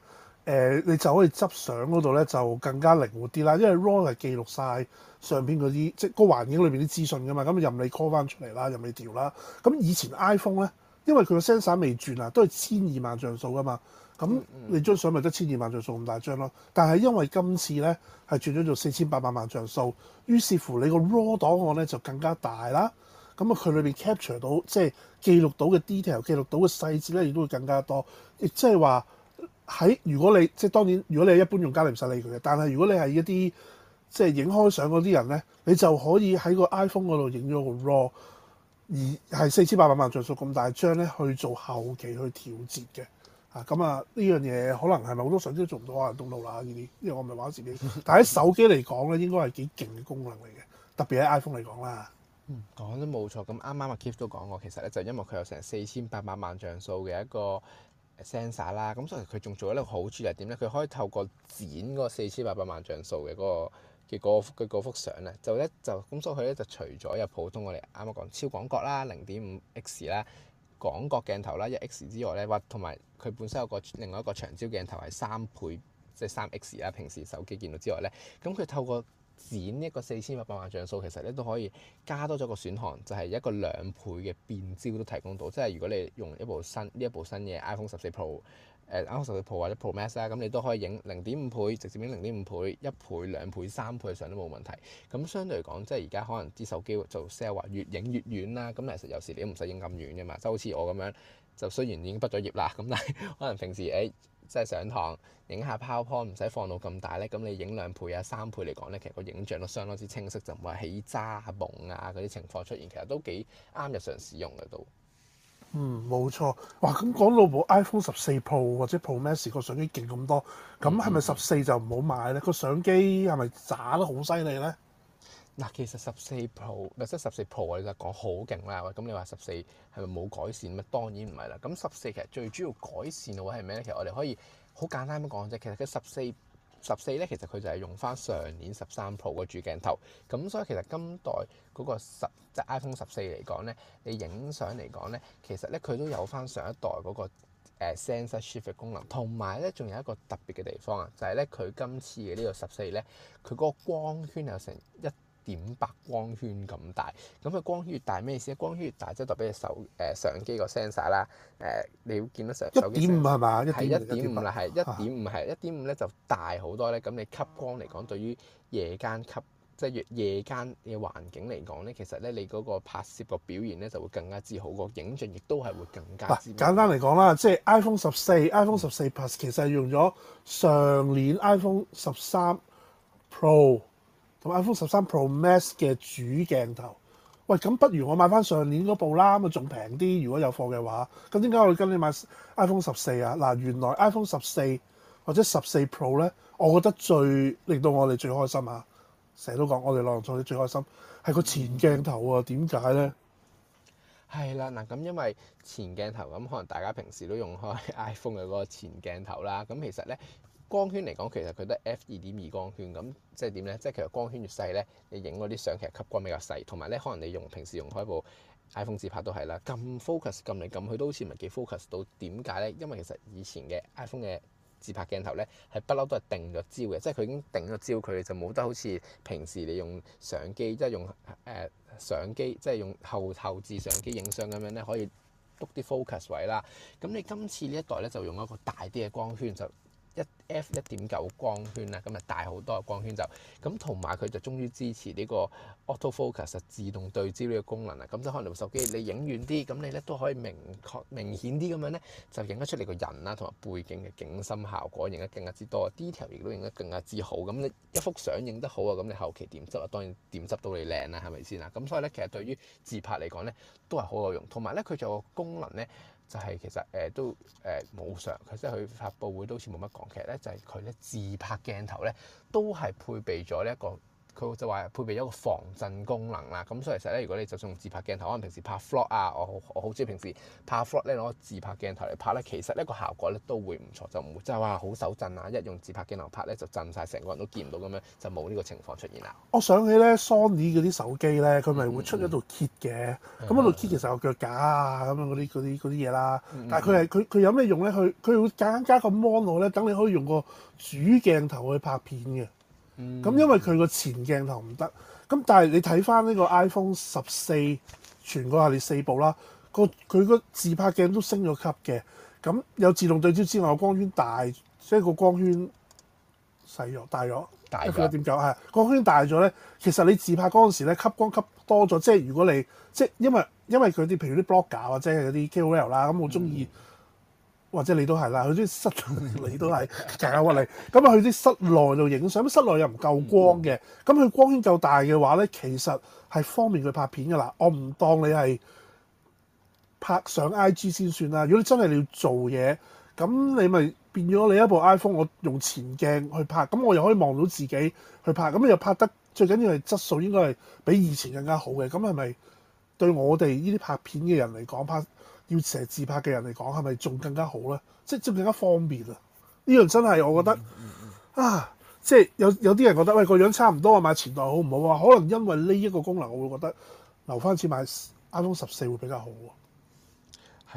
[SPEAKER 1] 誒、呃，你就可以執相嗰度咧，就更加靈活啲啦。因為 RAW 係記錄晒相片嗰啲，即係嗰環境裏邊啲資訊噶嘛。咁任你 call 翻出嚟啦，任你調啦。咁以前 iPhone 咧，因為佢個 sensor 未轉啊，都係千二萬像素噶嘛。咁你張相咪得千二萬像素咁大張咯。但係因為今次咧係轉咗做四千八百萬像素，於是乎你個 RAW 檔案咧就更加大啦。咁啊，佢裏邊 capture 到即係記錄到嘅 detail、記錄到嘅細節咧，亦都會更加多。亦即係話。喺如果你即係當然，如果你係一般用家，唔使理佢嘅，但係如果你係一啲即係影開相嗰啲人咧，你就可以喺個 iPhone 嗰度影咗個 RAW，而係四千八百萬像素咁大張咧去做後期去調節嘅。啊，咁啊呢樣嘢可能係咪好多相機都做唔到啊？東路啦呢啲，因為我唔係玩自己，但係喺手機嚟講咧，應該係幾勁嘅功能嚟嘅，特別喺
[SPEAKER 2] iPhone 嚟講啦。嗯，講得冇錯。咁啱啱阿 Keith 都講過，其實咧就係、因為佢有成四千八百萬像素嘅一個。Sensor 啦，咁所以佢仲做一個好處係點呢？佢可以透過剪嗰四千八百萬像素嘅嗰嘅嗰佢幅相咧，就咧就咁所以佢咧就除咗有普通我哋啱啱講超廣角啦、零點五 x 啦、廣角鏡頭啦一 x 之外咧，哇，同埋佢本身有個另外一個長焦鏡頭係三倍即係三 x 啦，平時手機見到之外咧，咁佢透過。剪一個四千八百萬像素，其實咧都可以加多咗個選項，就係、是、一個兩倍嘅變焦都提供到。即係如果你用一部新呢一部新嘅 iPhone 十四 Pro，誒、uh, iPhone 十四 Pro 或者 Pro Max 啦，咁你都可以影零點五倍，直接影零點五倍、一倍、兩倍、三倍上都冇問題。咁相對嚟講，即係而家可能啲手機做 sale 話越影越遠啦。咁其實有時你都唔使影咁遠嘅嘛。即係好似我咁樣，就雖然已經畢咗業啦，咁但係可能平時誒。哎即係上堂影下 PowerPoint 唔使放到咁大咧，咁你影兩倍啊三倍嚟講咧，其實個影像都相當之清晰，就唔會起渣啊矇啊嗰啲情況出現，其實都幾啱日常使用嘅都。嗯，
[SPEAKER 1] 冇錯。哇，咁講到部 iPhone 十四 Pro 或者 Pro Max 個相機勁咁多，咁係咪十四就唔好買咧？個、嗯、相機係咪渣
[SPEAKER 2] 得好犀利咧？嗱，其實十四 Pro，嗱即係十四 Pro 我哋就講好勁啦，咁你話十四係咪冇改善咩？當然唔係啦。咁十四其實最主要改善嘅話係咩咧？其實我哋可以好簡單咁講啫。其實佢十四十四咧，其實佢就係用翻上年十三 Pro 個主鏡頭。咁所以其實今代嗰個十即係 iPhone 十四嚟講咧，你影相嚟講咧，其實咧佢都有翻上一代嗰個 Sensor Shift 功能，同埋咧仲有一個特別嘅地方啊，就係咧佢今次嘅呢個十四咧，佢嗰個光圈有成一點五八光圈咁大，咁嘅光圈越大咩意思？光圈越大即係代表你手誒、呃、相機個 sensor 啦，誒、呃，你會見到手機一點五係嘛？係一點五啦，係一點五，係一點五咧就大好多咧。咁你吸光嚟講，對於夜間吸即係越夜間嘅環境嚟講咧，其實咧你嗰個拍攝個表現咧就會更加之好，個影像亦都係會更加之。簡
[SPEAKER 1] 單嚟講啦，即係、嗯、iPhone 十四、iPhone 十四 Plus 其實用咗上年 iPhone 十三 Pro。同 iPhone 十三 Pro Max 嘅主鏡頭，喂，咁不如我買翻上年嗰部啦，咁啊仲平啲，如果有貨嘅話，咁點解我哋跟你買 iPhone 十四啊？嗱，原來 iPhone 十四或者十四 Pro 咧，我覺得最令到我哋最開心啊！成日都講我哋內容創作者最開心係個前鏡頭啊，點解咧？
[SPEAKER 2] 係啦，嗱，咁因為前鏡頭咁，可能大家平時都用開 iPhone 嘅個前鏡頭啦，咁其實咧。光圈嚟講，其實佢得 F 二點二光圈咁，即係點呢？即係其實光圈越細呢，你影嗰啲相其實吸光比較細，同埋呢，可能你用平時用開部 iPhone 自拍都係啦，撳 focus 撳嚟撳去都好似唔係幾 focus 到。點解呢？因為其實以前嘅 iPhone 嘅自拍鏡頭呢，係不嬲都係定咗焦嘅，即係佢已經定咗焦，佢就冇得好似平時你用相機，即係用誒、呃、相機，即係用後後置相機影相咁樣呢，可以篤啲 focus 位啦。咁你今次呢一代呢，就用一個大啲嘅光圈就。一 F 一點九光圈啦，咁啊大好多嘅光圈就咁，同埋佢就終於支持呢個 auto focus 自動對焦呢個功能啦。咁就可能部手機你影遠啲，咁你咧都可以明確明顯啲咁樣咧，就影得出嚟個人啦，同埋背景嘅景深效果影得更加之多，detail 亦都影得更加之好。咁你一幅相影得好啊，咁你後期點執啊，當然點執到你靚啦，係咪先啊？咁所以咧，其實對於自拍嚟講咧，都係好有用。同埋咧，佢仲有個功能咧。就係其實誒、欸、都誒冇，佢即係佢發佈會都好似冇乜講。其實咧，就係佢咧自拍鏡頭咧，都係配備咗呢一個。佢就話配備一個防震功能啦，咁所以其實咧，如果你就算用自拍鏡頭，可能平時拍 vlog 啊，我我好中意平時拍 vlog 咧攞自拍鏡頭嚟拍咧，其實呢個效果咧都會唔錯，就唔會即係話好手震啊，一用自拍鏡頭拍咧就震晒，成個人都見唔到咁樣，就冇呢個情況出現啦。
[SPEAKER 1] 我想起咧 Sony 嗰啲手機咧，佢咪會出一套 kit 嘅，咁、mm hmm. 一套 kit 其實有腳架啊，咁樣嗰啲嗰啲嗰啲嘢啦。Mm hmm. 但係佢係佢佢有咩用咧？佢佢會加加個 mono 咧，等你可以用個主鏡頭去拍片嘅。咁、嗯、因為佢個前鏡頭唔得，咁但係你睇翻呢個 iPhone 十四全個系列四部啦，個佢個自拍鏡都升咗級嘅，咁有自動對焦之外，光圈大即係個光圈細咗大咗，大咗一點九，係了光圈大咗咧，其實你自拍嗰陣時咧吸光吸多咗，即係如果你即係因為因為佢啲譬如啲 blogger，或者係嗰啲 KOL 啦，咁我中意。或者你都係啦，佢中意室，你都係成日屈你。咁啊，去啲室內度影相，室內又唔夠光嘅。咁佢光圈夠大嘅話呢，其實係方便佢拍片㗎啦。我唔當你係拍上 IG 先算啦。如果你真係你要做嘢，咁你咪變咗你一部 iPhone，我用前鏡去拍，咁我又可以望到自己去拍，咁你又拍得最緊要係質素應該係比以前更加好嘅。咁係咪對我哋呢啲拍片嘅人嚟講拍？要成日自拍嘅人嚟講，係咪仲更加好咧？即係仲更加方便啊！呢樣真係我覺得、嗯嗯嗯、啊，即係有有啲人覺得喂個樣差唔多啊，買前代好唔好啊？可能因為呢一個功能，我會覺得留翻次買 iPhone 十四會比較好喎。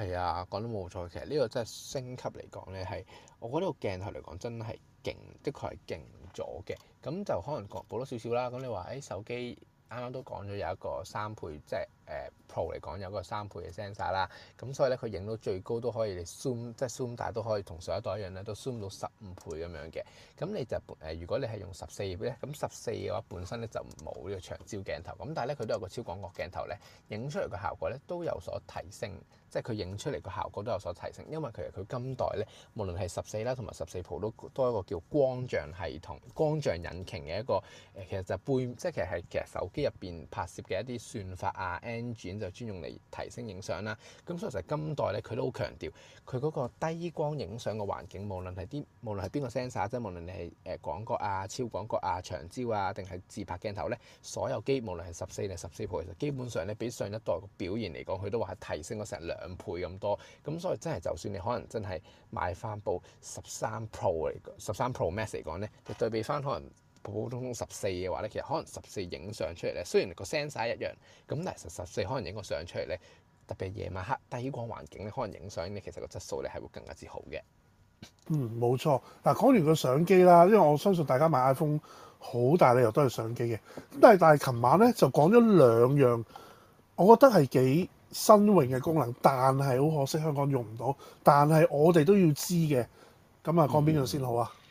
[SPEAKER 2] 係啊，講得冇錯，其實呢個真係升級嚟講咧，係我覺得個鏡頭嚟講真係勁，確的確係勁咗嘅。咁就可能講補多少少啦。咁你話誒、哎、手機？啱啱都講咗有一個三倍，即係誒 Pro 嚟講有一個三倍嘅 sensor 啦，咁所以咧佢影到最高都可以 zoom，即係 zoom 大都可以同上一代一樣咧都 zoom 到十五倍咁樣嘅，咁你就誒如果你係用十四咧，咁十四嘅話本身咧就冇呢個長焦鏡頭，咁但係咧佢都有個超廣角鏡頭咧，影出嚟嘅效果咧都有所提升。即係佢影出嚟個效果都有所提升，因為其實佢今代咧，無論係十四啦同埋十四 Pro 都多一個叫光像系統、光像引擎嘅一個誒，其實就背，即係其實係其實手機入邊拍攝嘅一啲算法啊，engine 就專用嚟提升影相啦。咁所以其實今代咧，佢都好強調佢嗰個低光影相嘅環境，無論係啲無論係邊個 sensor，即係無論你係誒廣角啊、超廣角啊、長焦啊，定係自拍鏡頭咧，所有機無論係十四定十四 Pro，其實基本上咧比上一代嘅表現嚟講，佢都話係提升咗成兩，兩倍咁多，咁所以真係就算你可能真係買翻部十三 Pro 嚟，十三 Pro Max 嚟講咧，你對比翻可能普通普通十四嘅話咧，其實可能十四影相出嚟咧，雖然個 sensor 一樣，咁但係十四可能影個相出嚟咧，特別夜晚黑低光環境咧，可能影相咧其實個質素咧係會更加之好嘅。
[SPEAKER 1] 嗯，冇錯。嗱，講完個相機啦，因為我相信大家買 iPhone 好大理由都係相機嘅。咁但係但係琴晚咧就講咗兩樣，我覺得係幾。新穎嘅功能，但係好可惜香港用唔到。但係我哋都要知嘅，咁啊講邊樣先好啊？嗯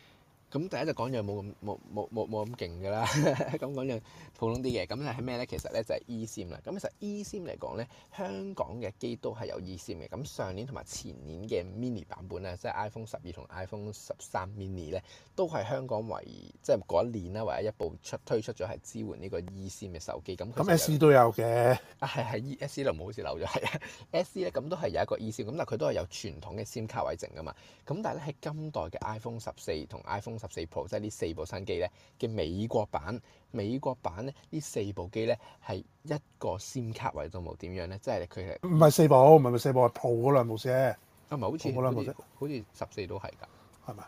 [SPEAKER 2] 咁第一就講嘢冇咁冇冇冇冇咁勁㗎啦，咁講嘢普通啲嘅，咁咧係咩咧？其實咧就係 E SIM 啦。咁其實 E SIM 嚟講咧，香港嘅機都係有 E SIM 嘅。咁上年同埋前年嘅 Mini 版本咧，即係 iPhone 十二同 iPhone 十三 Mini 咧，都係香港唯即係嗰一年啦，唯一一部出推出咗係支援呢個 E SIM 嘅手機。咁咁 S 都有嘅，啊係 E S C 冇好似漏咗係啊 S C 咧，咁都係有一個 E SIM，咁但佢都係有傳統嘅 SIM 卡位剩㗎嘛。咁但係咧喺今代嘅 iPhone 十四同 iPhone 十四部，Pro，即係呢四部新機咧嘅美國版，美國版咧呢四部機咧係一個先卡位都冇點樣咧？即係佢哋唔
[SPEAKER 1] 係四部，唔係咪四部係鋪嗰兩部車啊，
[SPEAKER 2] 唔係好似鋪嗰兩部車，好似十四都係㗎，係
[SPEAKER 1] 咪？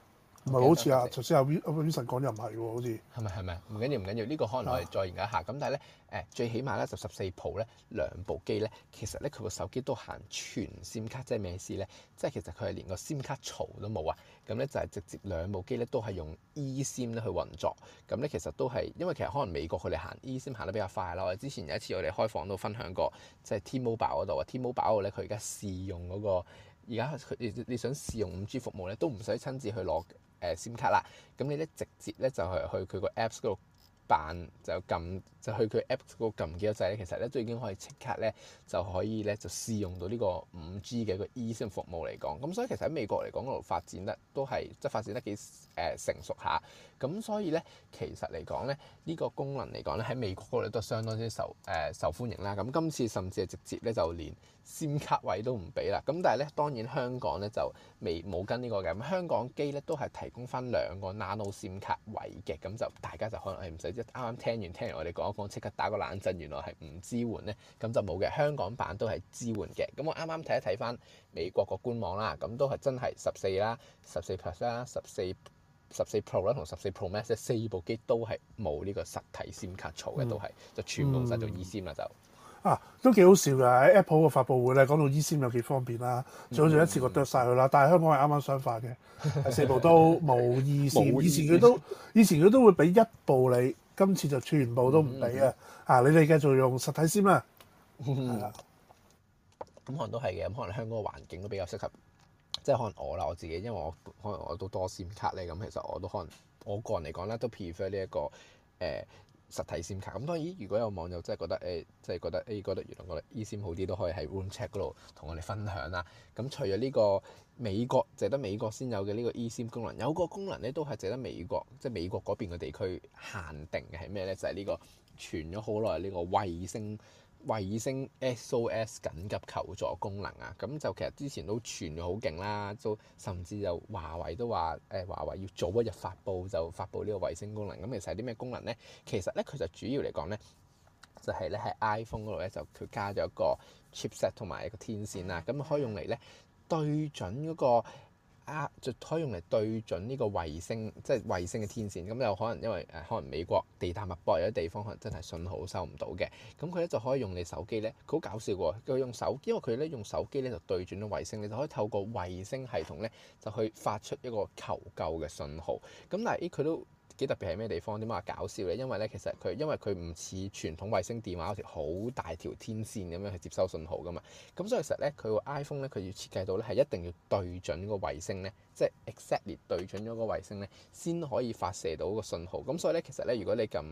[SPEAKER 1] 唔係好似啊，頭先阿 Vin 阿 Vin 神講又唔係喎，
[SPEAKER 2] 好似係咪係咪唔緊要唔緊要，呢、這個可能我哋再研究一下。咁、啊、但係咧，誒最起碼咧十十四 Pro 咧兩部機咧，其實咧佢個手機都行全 SIM 卡，即係咩意思咧？即係其實佢係連個 SIM 卡槽都冇啊。咁咧就係直接兩部機咧都係用 E SIM 咧去運作。咁咧其實都係因為其實可能美國佢哋行 E SIM 行得比較快啦。我之前有一次我哋開房都分享過，即、就、係、是、T-Mobile 嗰度啊 T-Mobile 嗰度咧佢而家試用嗰、那個而家佢你想試用五 G 服務咧都唔使親自去攞。誒 SIM 卡啦，咁你咧直接咧就係去佢個 Apps 嗰度辦，就撳就去佢 Apps 嗰度撳幾多掣咧，其實咧都已經可以即刻咧就可以咧就試用到呢個五 G 嘅一個 eSIM 服務嚟講，咁所以其實喺美國嚟講嗰度發展得都係即係發展得幾誒成熟下。咁所以咧，其實嚟講咧，呢、這個功能嚟講咧，喺美國嗰度都相當之受誒、呃、受歡迎啦。咁今次甚至係直接咧就連 SIM 卡位都唔俾啦。咁但係咧，當然香港咧就未冇跟呢、這個嘅。咁香港機咧都係提供翻兩個 Nano SIM 卡位嘅。咁就大家就可能係唔使啱啱聽完聽完我哋講一講，即刻打個冷震，原來係唔支援咧。咁就冇嘅，香港版都係支援嘅。咁我啱啱睇一睇翻美國個官網啦，咁都係真係十四啦，十四 percent 啦，十四。十四 Pro 咧同十四 Pro Max 四部機都係冇呢個實體 SIM 卡槽嘅，都係就全部都變咗 eSIM 啦就
[SPEAKER 1] 啊，都幾好笑㗎 Apple 個發佈會咧講到 eSIM 有幾方便啦，最好就一次過剁晒佢啦。但係香港係啱啱相反嘅，四部都冇 eSIM，以前佢都以前佢都會俾一部你，今次就全部都唔俾啊！啊，你哋繼續用實體 SIM 啦，係
[SPEAKER 2] 啦，咁可能都係嘅，咁可能香港個環境都比較適合。即係可能我啦，我自己，因為我可能我都多 SIM 卡咧，咁其實我都可能我個人嚟講咧，都 prefer 呢、這、一個誒、呃、實體 SIM 卡。咁當然，如果有網友真係覺得誒，即、欸、係覺得誒、欸、覺得原來我 E SIM 好啲，都可以喺 room check 嗰度同我哋分享啦。咁除咗呢個美國，只係得美國先有嘅呢個 E SIM 功能，有個功能咧都係只係得美國，即、就、係、是、美國嗰邊嘅地區限定嘅係咩咧？就係、是、呢、這個傳咗好耐呢個衛星。衛星 SOS 緊急求助功能啊，咁就其實之前都傳咗好勁啦，都甚至就華為都話誒，華為要早一日發佈就發佈呢個衛星功能，咁其實啲咩功能咧？其實咧佢就主要嚟講咧，就係咧喺 iPhone 嗰度咧就佢加咗個 chipset 同埋一個天線啦，咁可以用嚟咧對準嗰個。啊，就可以用嚟對準呢個衛星，即係衛星嘅天線。咁有可能因為誒、呃，可能美國地大物博，有啲地方可能真係信號收唔到嘅。咁佢咧就可以用你手機咧，佢好搞笑嘅喎。佢用手機，因為佢咧用手機咧就對準咗衛星，你就可以透過衛星系統咧就去發出一個求救嘅信號。咁但係咦，佢都～特別係咩地方？點解話搞笑咧？因為咧，其實佢因為佢唔似傳統衛星電話嗰條好大條天線咁樣去接收信號噶嘛。咁所以其實咧，佢個 iPhone 咧，佢要設計到咧係一定要對準個衛星咧，即係 exactly 對準咗個衛星咧，先可以發射到個信號。咁所以咧，其實咧，如果你撳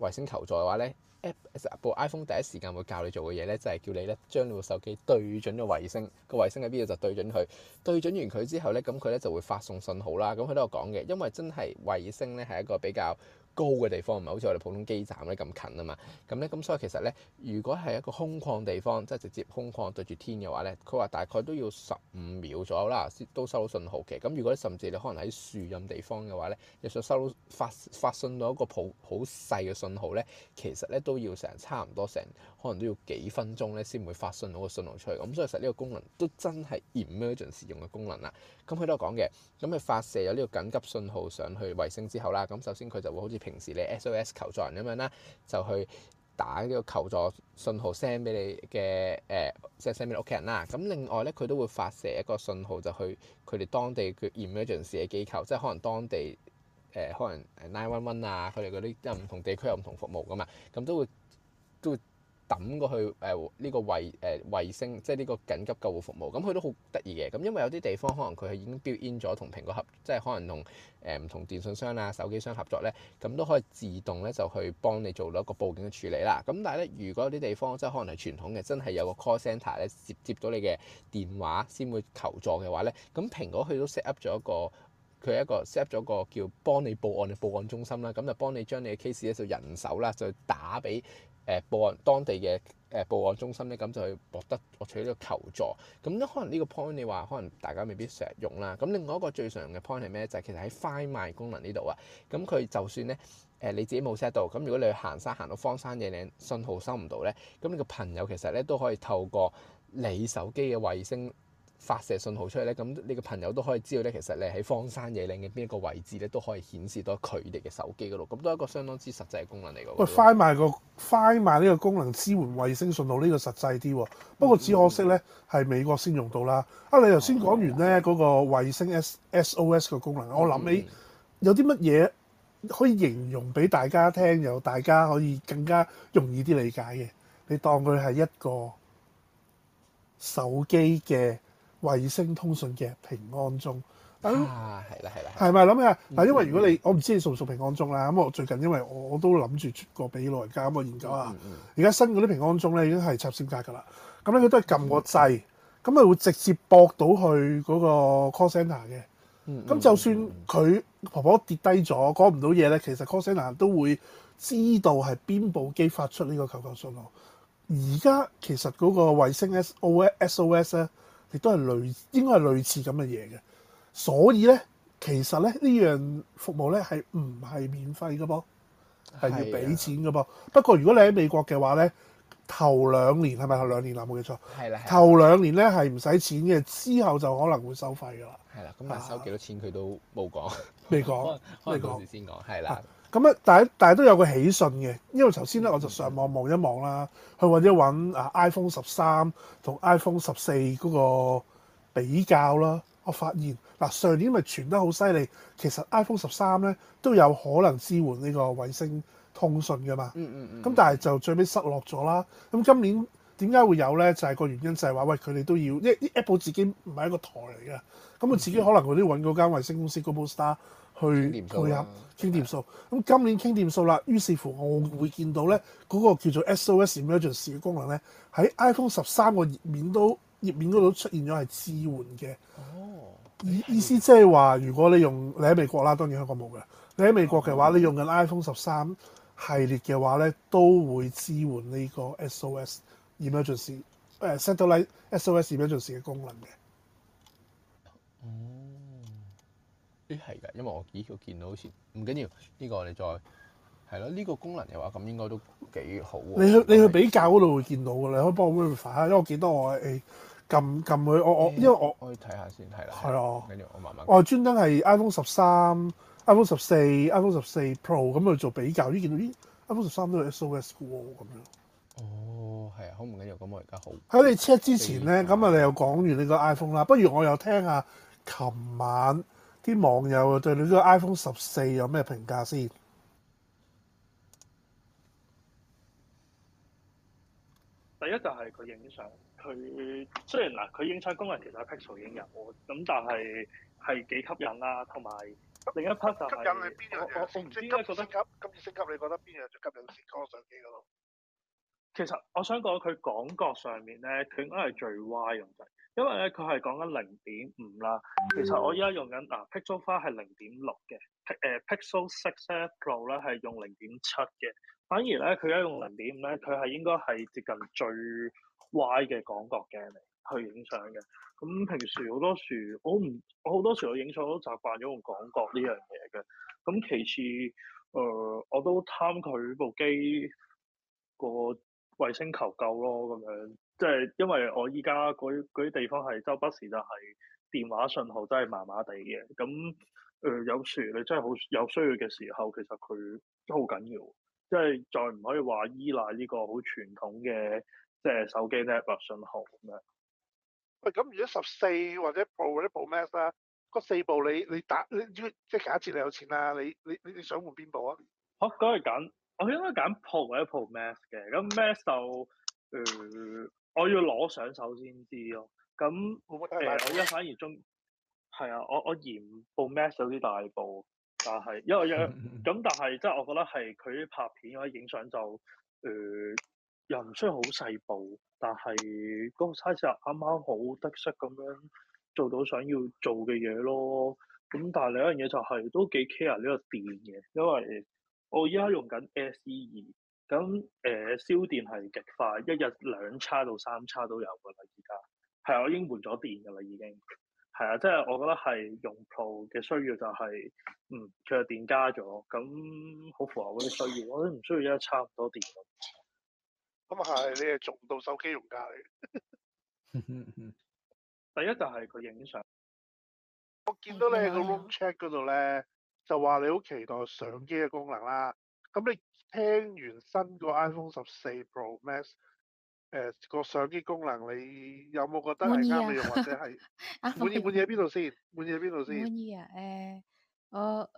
[SPEAKER 2] 衛星求助嘅話咧，App 部 iPhone 第一時間會教你做嘅嘢咧，就係叫你咧將你部手機對準咗衛星，個衛星喺邊度就對準佢。對準完佢之後咧，咁佢咧就會發送信號啦。咁佢都有講嘅，因為真係衛星咧係一個比較高嘅地方唔係好似我哋普通基站咧咁近啊嘛，咁咧咁所以其實咧，如果係一個空曠地方，即係直接空曠對住天嘅話咧，佢話大概都要十五秒左右啦，先都收到信號嘅。咁如果甚至你可能喺樹蔭地方嘅話咧，你想收到發發信到一個普好細嘅信號咧，其實咧都要成差唔多成可能都要幾分鐘咧先會發信到個信號出去。咁所以其實呢個功能都真係 emergency 用嘅功能啦。咁佢都係講嘅，咁佢發射咗呢個緊急信號上去衛星之後啦，咁首先佢就會好似平時你 S.O.S 求助人咁樣啦，就去打呢個求助信號 send 俾你嘅誒，即係 send 俾你屋企人啦。咁另外咧，佢都會發射一個信號就去佢哋當地嘅 emergency 嘅機構，即係可能當地誒、呃、可能 nine one one 啊，佢哋嗰啲即係唔同地區有唔同服務噶嘛，咁都會都會。都會抌過去誒呢個衛誒衛星，即係呢個緊急救護服務，咁佢都好得意嘅。咁因為有啲地方可能佢係已經 build in 咗同蘋果合，即係可能同誒唔同電信商啊、手機商合作咧，咁都可以自動咧就去幫你做咗個報警嘅處理啦。咁但係咧，如果有啲地方即係可能係傳統嘅，真係有個 call centre 咧接接到你嘅電話先會求助嘅話咧，咁蘋果佢都 set up 咗一個佢係一個 set up 咗個叫幫你報案嘅報案中心啦。咁就幫你將你嘅 case 咧就人手啦，就打俾。誒報案，當地嘅誒報案中心咧，咁就去獲得我取呢個求助。咁咧，可能呢個 point 你話，可能大家未必成日用啦。咁另外一個最常用嘅 point 係咩？就係其實喺 Find My 功能呢度啊。咁佢就算咧誒你自己冇 set 到，咁如果你去行山行到荒山野嶺，信號收唔到咧，咁你個朋友其實咧都可以透過你手機嘅衛星。發射信號出嚟咧，咁你嘅朋友都可以知道咧，其實你喺荒山野嶺嘅邊一個位置咧，都可以顯示到佢哋嘅手機嗰度，咁都係一個相當之實際嘅功能嚟嘅。喂，Find
[SPEAKER 1] 埋個 Find 埋呢個功能支援衛星信號呢、呢個實際啲喎，不過只可惜呢，係美國先用到啦。啊、嗯，你頭先講完呢嗰個衛星 S O S 嘅功能，嗯嗯、我諗起有啲乜嘢可以形容俾大家聽，有大家可以更加容易啲理解嘅？你當佢係一個手機嘅。衛星通訊嘅平安鐘
[SPEAKER 2] 啊，係啦係啦，係
[SPEAKER 1] 咪諗嘅嗱？是是下，因為如果你、嗯、我唔知你熟唔熟平安鐘啦、啊。咁我最近因為我，我都諗住個俾老人家咁個研究啊。而家、嗯嗯、新嗰啲平安鐘咧已經係插線格噶啦。咁咧佢都係撳個掣，咁佢、嗯、會直接駁到去嗰個 call center 嘅。咁、嗯、就算佢婆婆跌低咗講唔到嘢咧，其實 call center 都會知道係邊部機發出呢個求救信號。而家其實嗰個衛星 S O S O S 咧。亦都係類應該係類似咁嘅嘢嘅，所以咧，其實咧呢樣服務咧係唔係免費嘅噃，係要俾錢嘅噃。啊、不過如果你喺美國嘅話咧，頭兩年係咪頭兩年啊？冇記錯，係
[SPEAKER 2] 啦。頭
[SPEAKER 1] 兩年咧係唔使錢嘅，之後就可能
[SPEAKER 2] 會收費㗎啦。係啦，咁但係收幾多錢佢都冇講，未講、啊，可能到時先講，係啦。
[SPEAKER 1] 咁啊，但係但係都有個喜訊嘅，因為頭先咧我就上網望一望啦，嗯、去或者揾啊 iPhone 十三同 iPhone 十四嗰個比較啦，我發現嗱，上年咪傳得好犀利，其實 iPhone 十三咧都有可能支援呢個衛星通訊噶嘛、嗯，嗯嗯嗯，咁但係就最尾失落咗啦。咁今年點解會有呢？就係、是、個原因就係話喂，佢哋都要，因為 Apple 自己唔係一個台嚟嘅，咁佢自己可能佢都揾嗰間衛星公司 Global Star。去去啊，傾掂數，數。咁、嗯嗯、今年傾掂數啦，於是乎我會見到咧嗰、那個叫做 SOS Emergency 嘅功能咧，喺 iPhone 十三個頁面都頁面度出現咗係支援嘅。哦，意意思即係話，如果你用你喺美國啦，當然香港冇嘅。你喺美國嘅話，你用緊 iPhone 十三系列嘅話咧，都會支援呢個 SOS Emergency 誒、呃、Satellite SOS Emergency 嘅功能嘅。哦、嗯。
[SPEAKER 2] 誒係嘅，因為我咦、這個、我見到好似唔緊要呢個，我哋再係咯呢個功能嘅話，咁應該都幾好，你去是你去
[SPEAKER 1] 比較嗰度會見到嘅，你可以幫我搣一搣啊，因為我見到我撳撳佢，我我、欸、因為我
[SPEAKER 2] 我可以睇下先，的係啦，係咯我，跟住我慢慢。
[SPEAKER 1] 我專登係 iPhone 十三、iPhone 十四、iPhone 十四 Pro 咁去做比較，咦見到咦 iPhone 十三都有 SOS
[SPEAKER 2] 喎，咁樣。哦，係 4. 啊，好唔緊要，咁我而家好
[SPEAKER 1] 喺你 check 之前咧，咁啊你又講完你個 iPhone 啦，不如我又聽下琴晚。啲網友對你呢個 iPhone 十四有咩評價先？
[SPEAKER 3] 第一就係佢影相，佢雖然嗱佢影相功能其實 Pixel 影人喎，咁、嗯、但係係幾吸引啦、啊，同埋另一 part 就係、吸引係邊樣我，我我我唔知咧，覺得今次升級，升級升級升級你覺得邊樣最吸引先？嗰個相機嗰度。其實我想講佢講角上面咧，佢應該係最歪咁因為咧佢係講緊零點五啦，其實我依家用緊啊 Pixel 花係零點六嘅，誒、uh, Pixel 6 Pro 咧係用零點七嘅，反而咧佢而家用零點五咧，佢係應該係接近最歪嘅廣角鏡嚟去影相嘅。咁平時好多時我唔我好多時我影相都習慣咗用廣角呢樣嘢嘅。咁其次誒、呃、我都貪佢部機個衛星求救咯，咁樣即係因為我依家嗰啲地方係周不時就係、是、電話信號真係麻麻地嘅。咁誒、呃、有時你真係好有需要嘅時候，其實佢都好緊要，即係再唔可以話依賴呢個好傳統嘅即係手機 network 信號咁樣。
[SPEAKER 1] 喂，咁如果十四或者 Pro 或者 Pro Max 啦，嗰四部你你打你，打你即係假設你有錢啦，你你你你想換
[SPEAKER 3] 邊部啊？嚇、哦，梗係揀。我應該揀 Pro 或者 Pro Max 嘅，咁 Max 就，誒、呃，我要攞上手先知咯。咁冇乜我一反而中，係啊，我我嫌部 Max 有啲大部，但係因為因咁，但係即係我覺得係佢拍片或者影相就，呃、又唔需要好細部，但係嗰個 size 就啱啱好得色咁樣做到想要做嘅嘢咯。咁但係另一樣嘢就係、是、都幾 care 呢個電嘅，因為。我依家用緊 S E 二，咁、呃、誒燒電係極快，一日兩叉到三叉都有㗎啦。而家係啊，我已經換咗電㗎啦，已經係啊，即係我覺得係用 Pro 嘅需要就係、是，嗯，佢嘅電加咗，咁好符合我啲需要。我唔需要一家差唔多電咁。咁啊係，你係做到手機用價嚟。第一就，就係佢影相。
[SPEAKER 1] 我見到你喺個 room check 嗰度咧。就話你好期待相機嘅功能啦，咁你聽完新個 iPhone 十四 Pro Max 誒、呃嗰個相機功能，你有冇覺得係啱你用或者係滿意？滿意喺邊度先？滿意喺邊度先？滿
[SPEAKER 3] 意啊！誒， 啊 uh, 我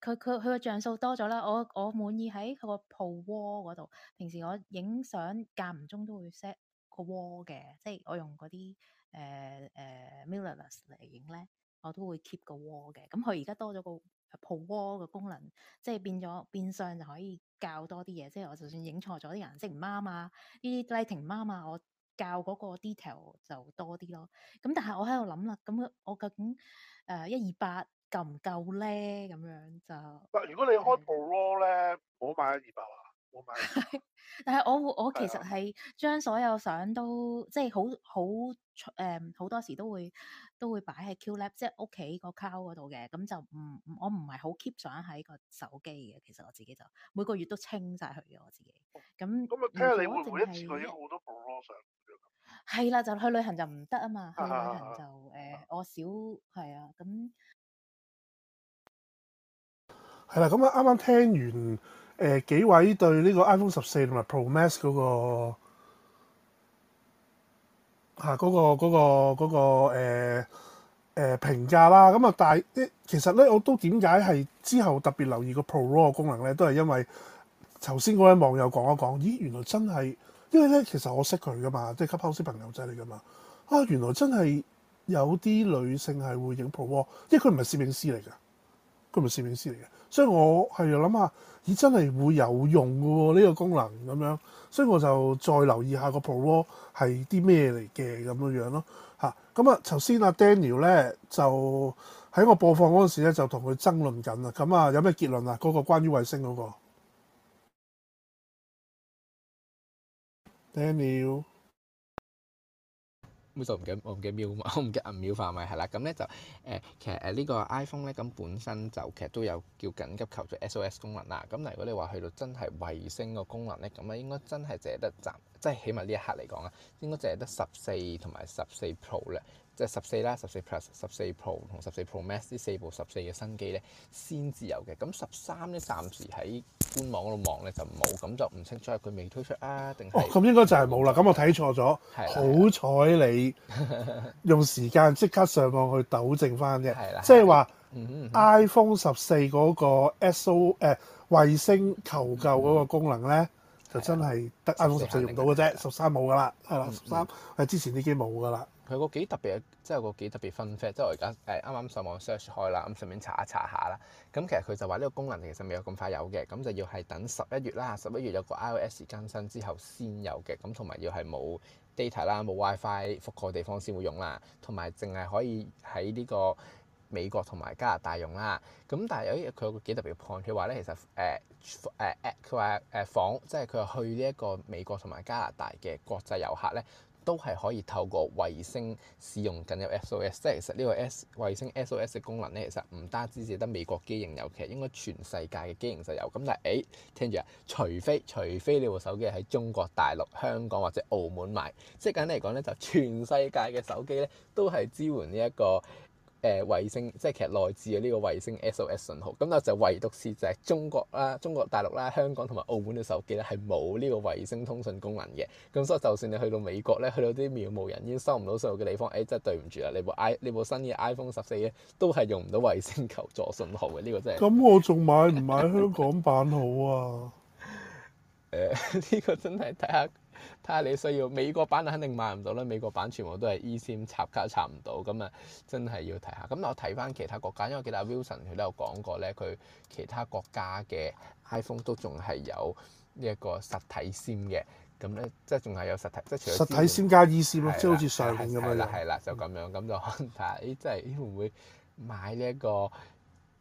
[SPEAKER 3] 佢佢佢個像素多咗啦。我我滿意喺佢個 ProRAW 嗰度。平時我影相間唔中都會 set 個 RAW 嘅，即係我用嗰啲誒誒 mirrorless 嚟影咧。Uh, uh, 我都會 keep 個 wall 嘅，咁佢而家多咗個 pro wall 嘅功能，即係變咗變相就可以較多啲嘢，即係我就算影錯咗啲顏色唔啱啊，呢啲 lighting 唔啱啊，我較嗰個 detail 就多啲咯。咁但係我喺度諗啦，咁我究竟誒一二八夠唔夠咧？咁、呃、樣就，
[SPEAKER 1] 喂，如果你開 pro wall 咧，我、嗯、買一二八話。
[SPEAKER 3] 係，但係我我其實係將所有相都即係好好誒，好多時都會都會擺喺 Qlap，即係屋企個 card 嗰度嘅。咁就唔我唔係好 keep 相喺個手機嘅，其實我自己就每個月都清晒佢嘅，我自己咁。咁啊，即係你會唔會一去好多係啦，就去旅行就唔得啊嘛，去旅行就誒我少係啊，咁
[SPEAKER 1] 係啦，咁啊啱啱聽完。誒、呃、幾位對呢個 iPhone 十四同埋 Pro Max 嗰、嗰個嚇嗰、啊嗰個嗰、嗰個嗰、嗰個誒評價啦，咁啊但係啲其實咧，我都點解係之後特別留意個 Pro Raw 功能咧，都係因為頭先嗰位網友講一講，咦原來真係因為咧，其實我識佢噶嘛，即係 Clubhouse 朋友仔嚟噶嘛，啊原來真係有啲女性係會影 Pro Raw，即係佢唔係攝影師嚟噶，佢唔係攝影師嚟嘅。所以我係諗下，咦、這個、真係會有用嘅喎呢個功能咁樣，所以我就再留意下個 Pro 係啲咩嚟嘅咁樣咯嚇。咁啊，頭先阿 Daniel 咧就喺我播放嗰陣時咧就同佢爭論緊啦。咁啊，有咩結論啊？嗰、那個關於衛星嗰、那個
[SPEAKER 2] Daniel。咁就唔驚，我唔驚得嘛，我唔驚暗秒化咪係啦。咁咧就誒、呃，其實誒呢個 iPhone 咧，咁本身就其實都有叫緊急求助 SOS 功能啦。咁但如果你話去到真係衛星個功能咧，咁啊應該真係淨係得暫，即係起碼呢一刻嚟講啊，應該淨係得十四同埋十四 Pro 咧。即係十四啦、十四 Plus、十四 Pro 同十四 Pro Max 呢四部十四嘅新機咧，先至有嘅。咁十三咧，暫時喺官網度望咧就冇，咁就唔清楚係佢未推出啊定係？哦，咁
[SPEAKER 1] 應該就係冇啦。咁我睇錯咗，好彩你用時間即刻上網去糾正翻啫。係啦，即係話 iPhone 十四嗰個 SOS 誒衛星求救嗰個功能咧，就真係得 iPhone 十四用到嘅啫，十三冇噶啦，係啦，十三係之前啲機冇噶啦。
[SPEAKER 2] 佢個幾特別嘅，即係個幾特別分。即係我而家誒啱啱上網 search 開啦，咁順便查一查一下啦。咁其實佢就話呢個功能其實未有咁快有嘅，咁就要係等十一月啦。十一月有個 iOS 更新之後先有嘅。咁同埋要係冇 data 啦，冇 WiFi 覆蓋地方先會用啦。同埋淨係可以喺呢個美國同埋加拿大用啦。咁但係有一日，佢有個幾特別嘅 point。佢話咧，其實誒誒佢話誒房，即係佢話去呢一個美國同埋加拿大嘅國際遊客咧。都係可以透過衛星使用緊有 SOS，即係其實呢個 S 衛星 SOS 嘅功能咧，其實唔單止只得美國機型有，其實應該全世界嘅機型實有。咁但係，誒聽住啊，除非除非你部手機喺中國大陸、香港或者澳門買，即係簡單嚟講咧，就全世界嘅手機咧都係支援呢、這、一個。誒、呃、衛星即係其實內置嘅呢個衛星 SOS 信號，咁但就唯獨是就係中國啦、中國大陸啦、香港同埋澳門嘅手機咧係冇呢個衛星通訊功能嘅，咁所以就算你去到美國咧、去到啲渺無人煙收唔到信號嘅地方，誒真係對唔住啦，你部 i 你部新嘅 iPhone 十四咧都係用唔到衛星求助信號嘅，呢、呢個真係。咁
[SPEAKER 1] 我仲買唔買香港版好啊？
[SPEAKER 2] 誒、呢、呢個真係睇下。睇下睇下你需要美國版，肯定買唔到啦。美國版全部都係 eSIM 插卡插唔到，咁啊真係要睇下。咁我睇翻其他國家，因為我記得 Wilson 佢都有講過咧，佢其他國家嘅 iPhone 都仲係有呢一個實體 SIM 嘅。咁咧即係仲係有實體，即係除咗實體 SIM 加 eSIM 咯的，即係好似上面咁樣，嗯、樣。係啦，就咁樣咁就可能睇下，咦，真係會唔會買呢一個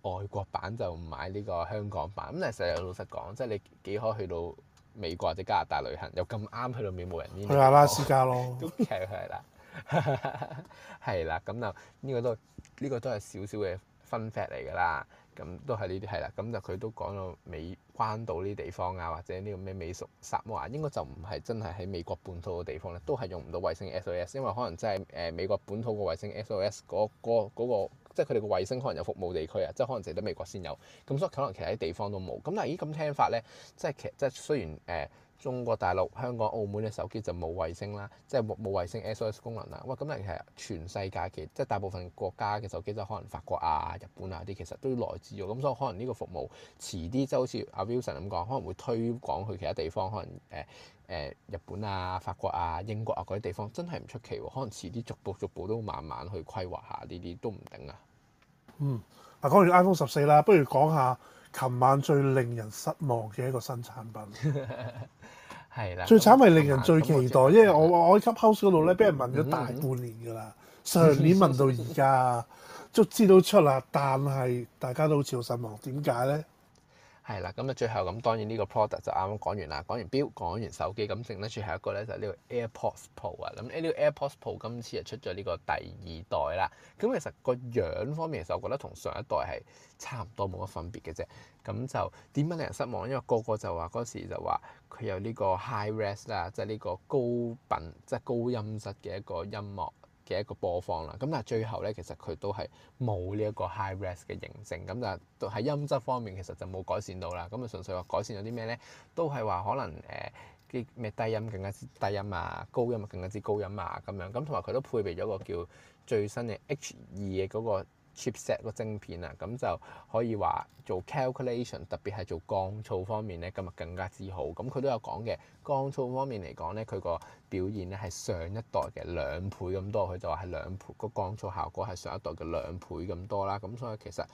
[SPEAKER 2] 外國版就唔買呢個香港版？咁但係成老實講，即係你幾可去到。美國或者加拿大旅行又咁啱去到邊冇人呢？去阿拉斯加咯，都係係啦，係啦的。咁啊， 呢個都呢、呢個都係少少嘅 fun fact 嚟㗎啦。咁都係呢啲係啦。咁就佢都講到美關島呢啲地方啊，或者呢個咩美屬薩摩亞，應該就唔係真係喺美國本土嘅地方咧，都係用唔到衛星 S O S，因為可能真係誒、呃、美國本土個衛星 S O S 嗰、嗰、嗰個。嗰個嗰個即係佢哋個衛星可能有服務地區啊，即係可能淨係得美國先有，咁所以可能其他啲地方都冇。咁但係咦咁聽法咧，即係其實即係雖然誒、呃、中國大陸、香港、澳門嘅手機就冇衛星啦，即係冇冇衛星 SOS 功能啦。哇，咁但係其實全世界嘅即係大部分國家嘅手機都可能法國啊、日本啊啲、啊、其實都要來自喎。咁所以可能呢個服務遲啲就好似阿 Wilson 咁講，可能會推廣去其他地方，可能誒誒、呃、日本啊、法國啊、英國啊嗰啲地方真係唔出奇喎。可能遲啲逐步逐步都慢慢去規劃下呢啲都唔定啊。
[SPEAKER 1] 嗯，嗱，講完 iPhone 十四啦，不如講下琴晚最令人失望嘅一個新產品。
[SPEAKER 2] 係啦 的，最
[SPEAKER 1] 慘係令人最期待， 嗯嗯、因為我我喺 Clubhouse 嗰度咧，俾人問咗大半年㗎啦，上年問到而家，足知到終之都出啦，但係大家都好似好失望，點解咧？
[SPEAKER 2] 係啦，咁啊最後咁當然呢個 product 就啱啱講完啦，講完表，講完手機，咁剩得最後一個咧就係呢個 AirPods Pro 啊。咁、誒、呢個 AirPods Pro 今次就出咗呢個第二代啦。咁其實個樣方面其實我覺得同上一代係差唔多冇乜分別嘅啫。咁就點解令人失望？因為個個就話嗰時就話佢有呢個 high res 啦，即係呢個高品即係高音質嘅一個音樂。嘅一個播放啦，咁但係最後咧，其實佢都係冇呢一個 high res 嘅認證，咁但就喺音質方面其實就冇改善到啦，咁啊純粹話改善咗啲咩咧，都係話可能誒啲咩低音更加低音啊，高音啊更加之高音啊咁樣，咁同埋佢都配備咗個叫最新嘅 H 二嘅嗰個。Chipset 個晶片啊，咁就可以話做 calculation，特別係做降噪方面咧，咁就更加之好。咁佢都有講嘅，降噪方面嚟講咧，佢個表現咧係上一代嘅兩倍咁多，佢就話係兩倍個降噪效果係上一代嘅兩倍咁多啦。咁所以其實誒、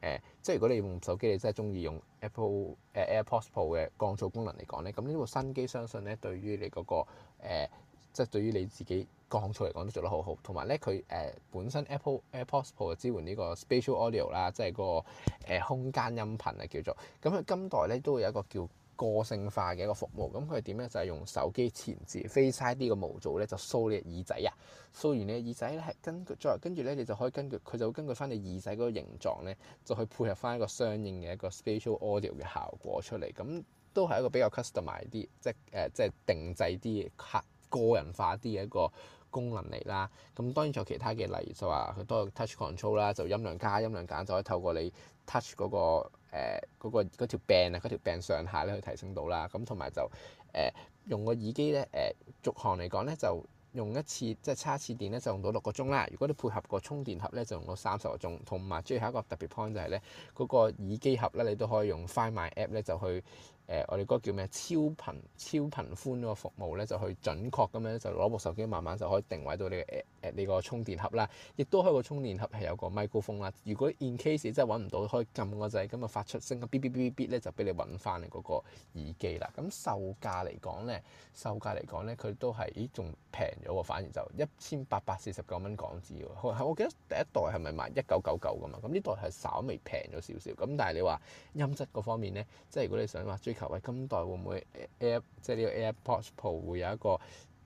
[SPEAKER 2] 呃，即係如果你用手機，你真係中意用 Apple、呃、AirPods Pro 嘅降噪功能嚟講咧，咁呢部新機相信咧對於你嗰、個誒即係、呃即係、對於你自己。降噪嚟講都做得好好，同埋咧佢誒本身 Apple, Apple AirPods Pro 支援呢個 Spatial Audio 啦，即係嗰個空間音頻啊叫做。咁佢今代咧都會有一個叫個性化嘅一個服務。咁佢點咧就係、是、用手機前置 Face ID 嘅模組咧，就掃你耳仔啊，掃完你耳仔咧係根據再跟住咧，你就可以根據佢就會根據翻你耳仔嗰個形狀咧，就去配合翻一個相應嘅一個 Spatial Audio 嘅效果出嚟。咁、嗯、都係一個比較 custom 化啲，即係誒、呃、即係定製啲客個人化啲嘅一個功能嚟啦，咁當然就其他嘅，例如就話佢都有 touch control 啦，就音量加、音量減，就可以透過你 touch 嗰、那個誒嗰、呃、那個條 band 啊，嗰條 band 上下咧去提升到啦。咁同埋就誒、呃、用個耳機咧誒、呃、續航嚟講咧，就用一次即係叉一次電咧，就用到六個鐘啦。如果你配合個充電盒咧，就用到三十個鐘。同埋最後一個特別 point 就係、是、咧，嗰、那個耳機盒咧，你都可以用 Find My App 咧就去。誒、呃，我哋嗰個叫咩？超頻超頻寬嗰個服務咧，就、這、去、個、準確咁樣就攞部手機，慢慢就可以定位到你嘅誒你個充電盒啦。亦都可以個充電盒係有個咪高峰啦。如果 in case 真係揾唔到，可以撳個掣，咁啊發出聲嘅 bi bi bi bi 咧，就俾你揾翻你嗰個耳機啦。咁售價嚟講咧，售價嚟講咧，佢都係咦仲平咗喎，反而就一千八百四十九蚊港紙喎。係我記得第一代係咪賣一九九九嘅嘛？咁呢代係稍微平咗少少。咁但係你話音質嗰方面咧，即係如果你想話求為今代會唔會 Air 即係呢個 AirPods Pro 會有一個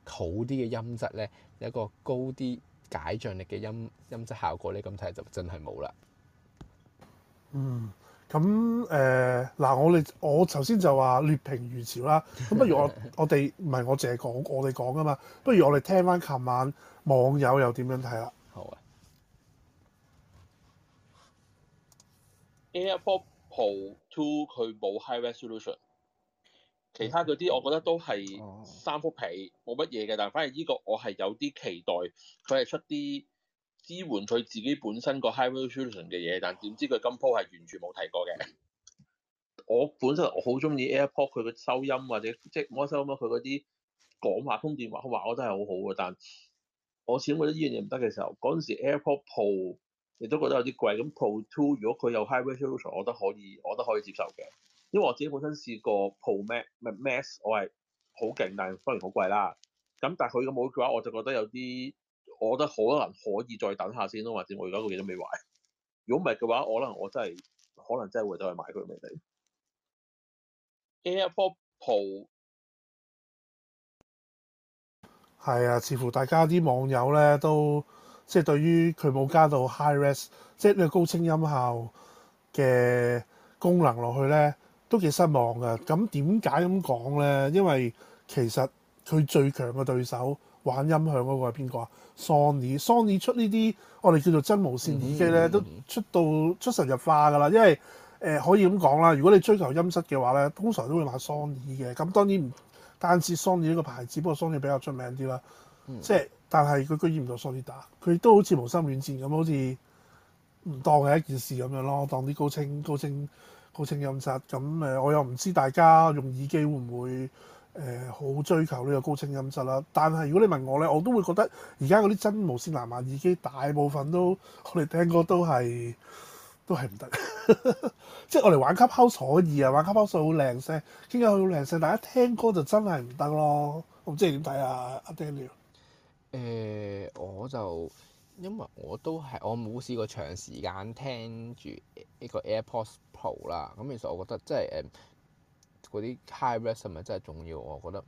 [SPEAKER 2] 好啲嘅音質咧，有一個高啲解像力嘅音音質效果咧，咁睇就真係冇啦。
[SPEAKER 1] 嗯，咁誒嗱，我哋我頭先就話劣評如潮啦，咁不如我 我哋唔係我淨係講我哋講噶嘛，不如我哋聽翻琴晚網友又點樣睇啦？好啊，AirPod。Air
[SPEAKER 3] Two 佢冇 High Resolution，其他嗰啲我覺得都係三幅皮冇乜嘢嘅，但係反而呢個我係有啲期待，佢係出啲支援佢自己本身個 High Resolution 嘅嘢，但點知佢今鋪係完全冇提過嘅。我本身我好中意 AirPod 佢嘅收音或者即係摸收摸佢嗰啲講話通電話話我都係好好嘅，但我始終覺得呢樣嘢唔得嘅時候，嗰陣時 AirPod Pro 你都覺得有啲貴，咁 Pro Two 如果佢有 High Resolution 我覺得可以，我都可以接受嘅。因為我自己本身試過 Pro Max，唔係 Max 我係好勁，但係當然好貴啦。咁但係佢咁冇嘅話，我就覺得有啲，我覺得可能可以再等下先咯。或者我而家個機都未壞。如果唔係嘅話，我可能我真係可能真係會再去買佢嚟。AirPod Pro
[SPEAKER 1] 係啊，似乎大家啲網友咧都～即係對於佢冇加到 high res，即係呢個高清音效嘅功能落去呢，都幾失望㗎。咁點解咁講呢？因為其實佢最強嘅對手玩音響嗰個係邊個啊？Sony，Sony 出呢啲我哋叫做真無線耳機呢，mm hmm. 都出到出神入化噶啦。因為誒、呃、可以咁講啦，如果你追求音質嘅話呢，通常都會買 Sony 嘅。咁當然唔單止 Sony 呢個牌子，不過 Sony 比較出名啲啦。即係、mm。Hmm. 即係但係佢居然唔做 Solida 佢都好似無心戀戰咁，好似唔當係一件事咁樣咯。當啲高清高清高清音質咁誒、呃，我又唔知大家用耳機會唔會誒、呃、好追求呢個高清音質啦。但係如果你問我咧，我都會覺得而家嗰啲真無線藍牙耳機大部分都我哋聽歌都係都係唔得， 即係我哋玩 Clubhouse 可以啊，玩 Clubhouse 好靚聲，傾偈好靚聲，但係一聽歌就真係唔得咯。我唔知你點
[SPEAKER 2] 睇啊，阿 Daniel？誒、欸、我就因為我都係我冇試過長時間聽住呢個 AirPods Pro 啦，咁其實我覺得即係誒嗰啲 high res 係咪真係重要？我覺得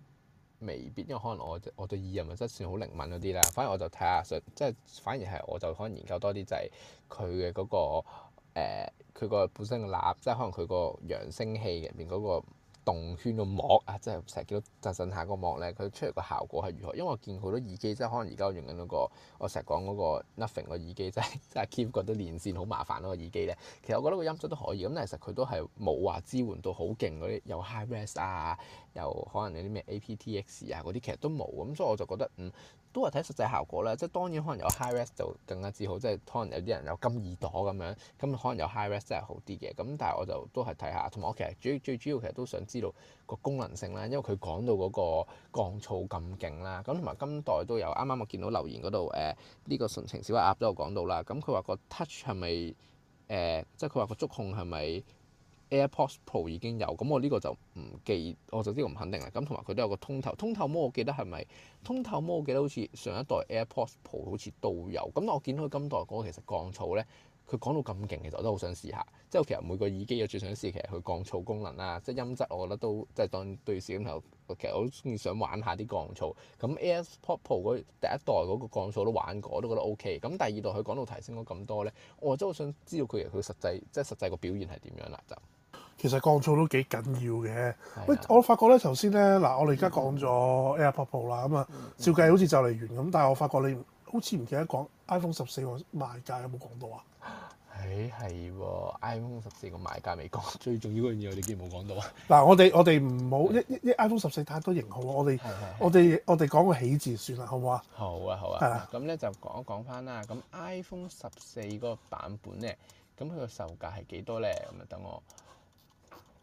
[SPEAKER 2] 未必，因為可能我對我對音質算好靈敏嗰啲啦。反而我就睇下即係反而係我就可能研究多啲、那個，就係佢嘅嗰個誒佢個本身嘅喇叭，即係可能佢個揚聲器入面嗰、那個。動圈個膜啊，即係成日見到震震下個膜咧，佢出嚟個效果係如何？因為我見好多耳機，即係可能而家我用緊嗰個，我成日講嗰個 Nothing 嘅耳機，即係即係 keep 覺得連線好麻煩咯個耳機咧，其實我覺得個音質都可以，咁其實佢都係冇話支援到好勁嗰啲，又 HiRes 啊，又可能有啲咩 aptX 啊嗰啲，其實都冇咁，所以我就覺得嗯。都係睇實際效果啦，即係當然可能，可能有 high res 就更加之好，即係可能有啲人有金耳朵咁樣，咁可能有 high res 真係好啲嘅。咁但係我就都係睇下，同埋我其實主最，最主要其實都想知道個功能性啦，因為佢講到嗰個降噪咁勁啦，咁同埋今代都有啱啱我見到留言嗰度誒呢個純情小鴨都有講到啦。咁佢話個 touch 係咪誒、呃，即係佢話個觸控係咪？AirPods Pro 已經有咁，我呢個就唔記，我就知個唔肯定啦。咁同埋佢都有個通透通透模，我記得係咪通透模？我記得好似上一代 AirPods Pro 好似都有咁。我見到佢今代嗰個其實降噪咧，佢講到咁勁，其實我都好想試下。即係其實每個耳機我最想試，其實佢降噪功能啦，即係音質，我覺得都即係對對攝影頭，其實我都中意想玩下啲降噪。咁 AirPods Pro 第一代嗰個降噪都玩過，我都覺得 OK。咁第二代佢講到提升咗咁多咧，我真係好想知道佢其實佢實際即係實際個表現係點樣啦？就
[SPEAKER 1] 其實降噪都幾緊要嘅。喂，我發覺咧頭先咧嗱，我哋而家講咗 AirPods Pro 啦，咁啊照計好似就嚟完咁。但係我發覺你好似唔記得講 iPhone 十四個賣價
[SPEAKER 2] 有冇講到啊？誒係喎，iPhone 十四個賣價未講。最重要嗰樣嘢我哋竟然冇講到。啊？
[SPEAKER 1] 嗱，我哋我哋唔好一一一 iPhone 十四太多型號啦，我哋我哋我哋講個起字算啦，好唔
[SPEAKER 2] 好啊？好啊好啊。係啦，咁咧就講一講翻啦。咁 iPhone 十四嗰個版本咧，咁佢個售價係幾多咧？咁啊等我。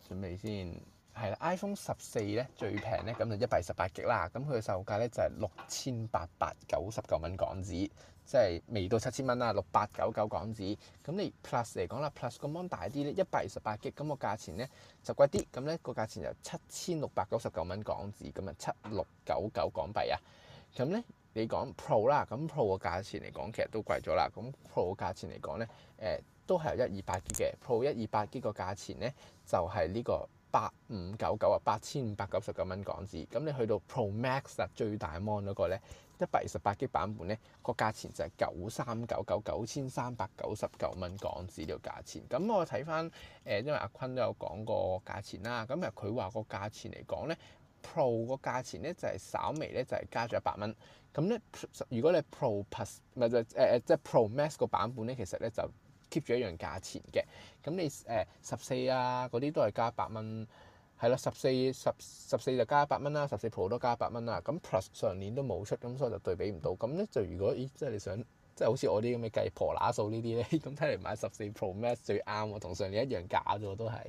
[SPEAKER 2] 準備先，係啦。iPhone 十四咧最平咧，咁就一百二十八 G 啦。咁佢嘅售價咧就係六千八百九十九蚊港紙，即係未到七千蚊啦，六八九九港紙。咁你 Plus 嚟講啦，Plus 咁大啲咧，一百二十八 G，咁個價錢咧就貴啲。咁咧個價錢就七千六百九十九蚊港紙，咁啊七六九九港幣啊。咁咧你講 Pro 啦，咁 Pro 個價錢嚟講其實都貴咗啦。咁 Pro 個價錢嚟講咧，誒、呃。都係有一二八 G 嘅 Pro 一二八 G 個價錢咧，就係呢個八五九九啊，八千五百九十九蚊港紙。咁你去到 Pro Max 最大 Mon 嗰個咧一百二十八 G 版本咧個價錢就係九三九九九千三百九十九蚊港紙呢個價錢。咁我睇翻誒，因為阿坤都有講過價錢啦。咁其實佢話個價錢嚟講咧，Pro 個價錢咧就係稍微咧就係加咗一百蚊。咁咧如果你 Pro Plus 唔係誒誒即係 Pro Max 個版本咧，其實咧就。Keep 住一樣價錢嘅，咁你誒十四啊嗰啲都係加百蚊，係啦，十四十十四就加一百蚊啦，十四 Pro 都加一百蚊啦。咁 Plus 上年都冇出，咁所以就對比唔到。咁咧就如果即係你想，即係好似我啲咁嘅計婆乸數呢啲咧，咁睇嚟買十四 Pro Max 最啱喎，同上年一樣價啫喎，都係。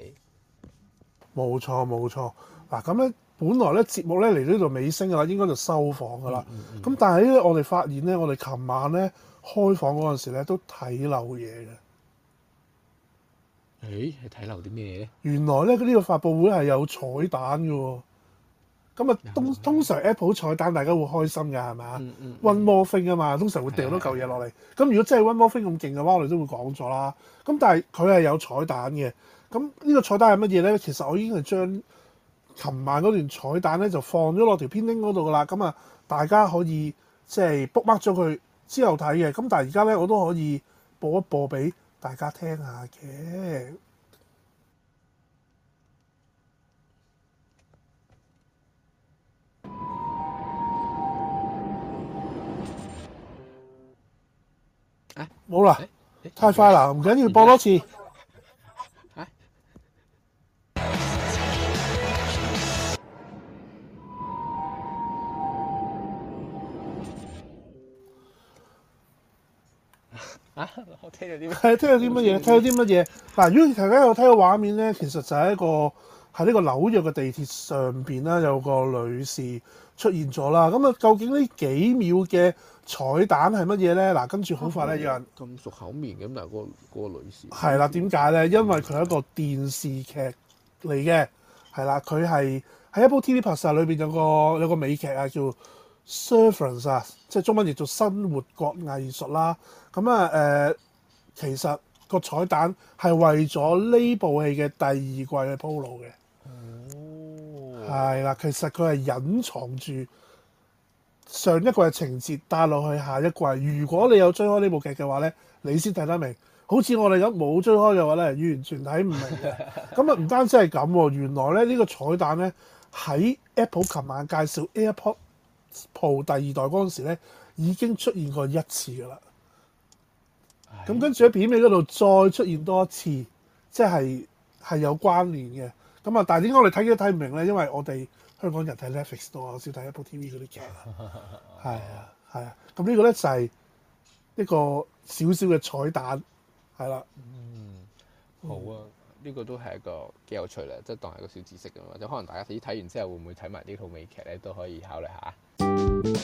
[SPEAKER 1] 冇錯冇錯，嗱咁咧，本來咧節目咧嚟到呢度尾聲啊，應該就收房噶啦。咁、嗯嗯嗯、但係咧，我哋發現咧，我哋琴晚咧開房嗰陣時咧都睇漏嘢
[SPEAKER 2] 嘅。誒，去睇漏啲咩咧？
[SPEAKER 1] 原來咧，佢、這、呢個發布會係有彩蛋嘅喎、哦。咁啊，通 通常 Apple 彩蛋大家會開心㗎，係咪啊？One more thing 啊嘛，通常會掉多嚿嘢落嚟。咁 如果真係 One more thing 咁勁嘅話，我哋都會講咗啦。咁但係佢係有彩蛋嘅。咁呢個彩蛋係乜嘢咧？其實我已經係將琴晚嗰段彩蛋咧就放咗落條 pinned link 嗰度㗎啦。咁啊，大家可以即係 bookmark 咗佢之後睇嘅。咁但係而家咧，我都可以播一播俾。大家聽下嘅，冇啦，太快啦，唔緊要，播多次。啊、我聽到啲咩？係聽到啲乜嘢？聽到啲乜嘢？嗱、 啊，如果大家有睇過畫面咧，其實就係一個喺呢個紐約嘅地鐵上邊啦，有個女士出現咗啦。咁啊，究竟呢幾秒嘅彩蛋係乜嘢咧？嗱、啊，跟住好快咧，有人
[SPEAKER 2] 咁、啊、熟口面嘅咁，嗱、嗰個，嗰、嗰個嗰女士係啦。
[SPEAKER 1] 點解咧？因為佢係一個電視劇嚟嘅，係啦、啊，佢係喺一部 T.V. Plus 裏邊有個有個美劇啊，叫 Surfance 啊，即係中文譯做生活國藝術啦、啊。咁啊，誒、呃，其實個彩蛋係為咗呢部戲嘅第二季嘅鋪路嘅，係啦、嗯。其實佢係隱藏住上一季嘅情節帶落去下一季。如果你有追開呢部劇嘅話咧，你先睇得明。好似我哋咁冇追開嘅話咧，完全睇唔明。咁 啊，唔單止係咁，原來咧呢、這個彩蛋咧喺 Apple 琴晚介紹 AirPods Pro 第二代嗰陣時咧已經出現過一次噶啦。咁、啊、跟住喺片尾嗰度再出現多一次，即係係有關聯嘅。咁啊，但係點解我哋睇都睇唔明咧？因為我哋香港人睇 Netflix 多，少睇 Apple TV 嗰啲劇。係 啊，係啊。咁呢個咧就係一個小小嘅彩蛋。係啦、
[SPEAKER 2] 啊。嗯，好啊。呢、這個都係一個幾有趣咧，即、就、係、是、當係個小知識咁啊。即可能大家啲睇完之後，會唔會睇埋呢套美劇咧？都可以考慮下。
[SPEAKER 3] 嗯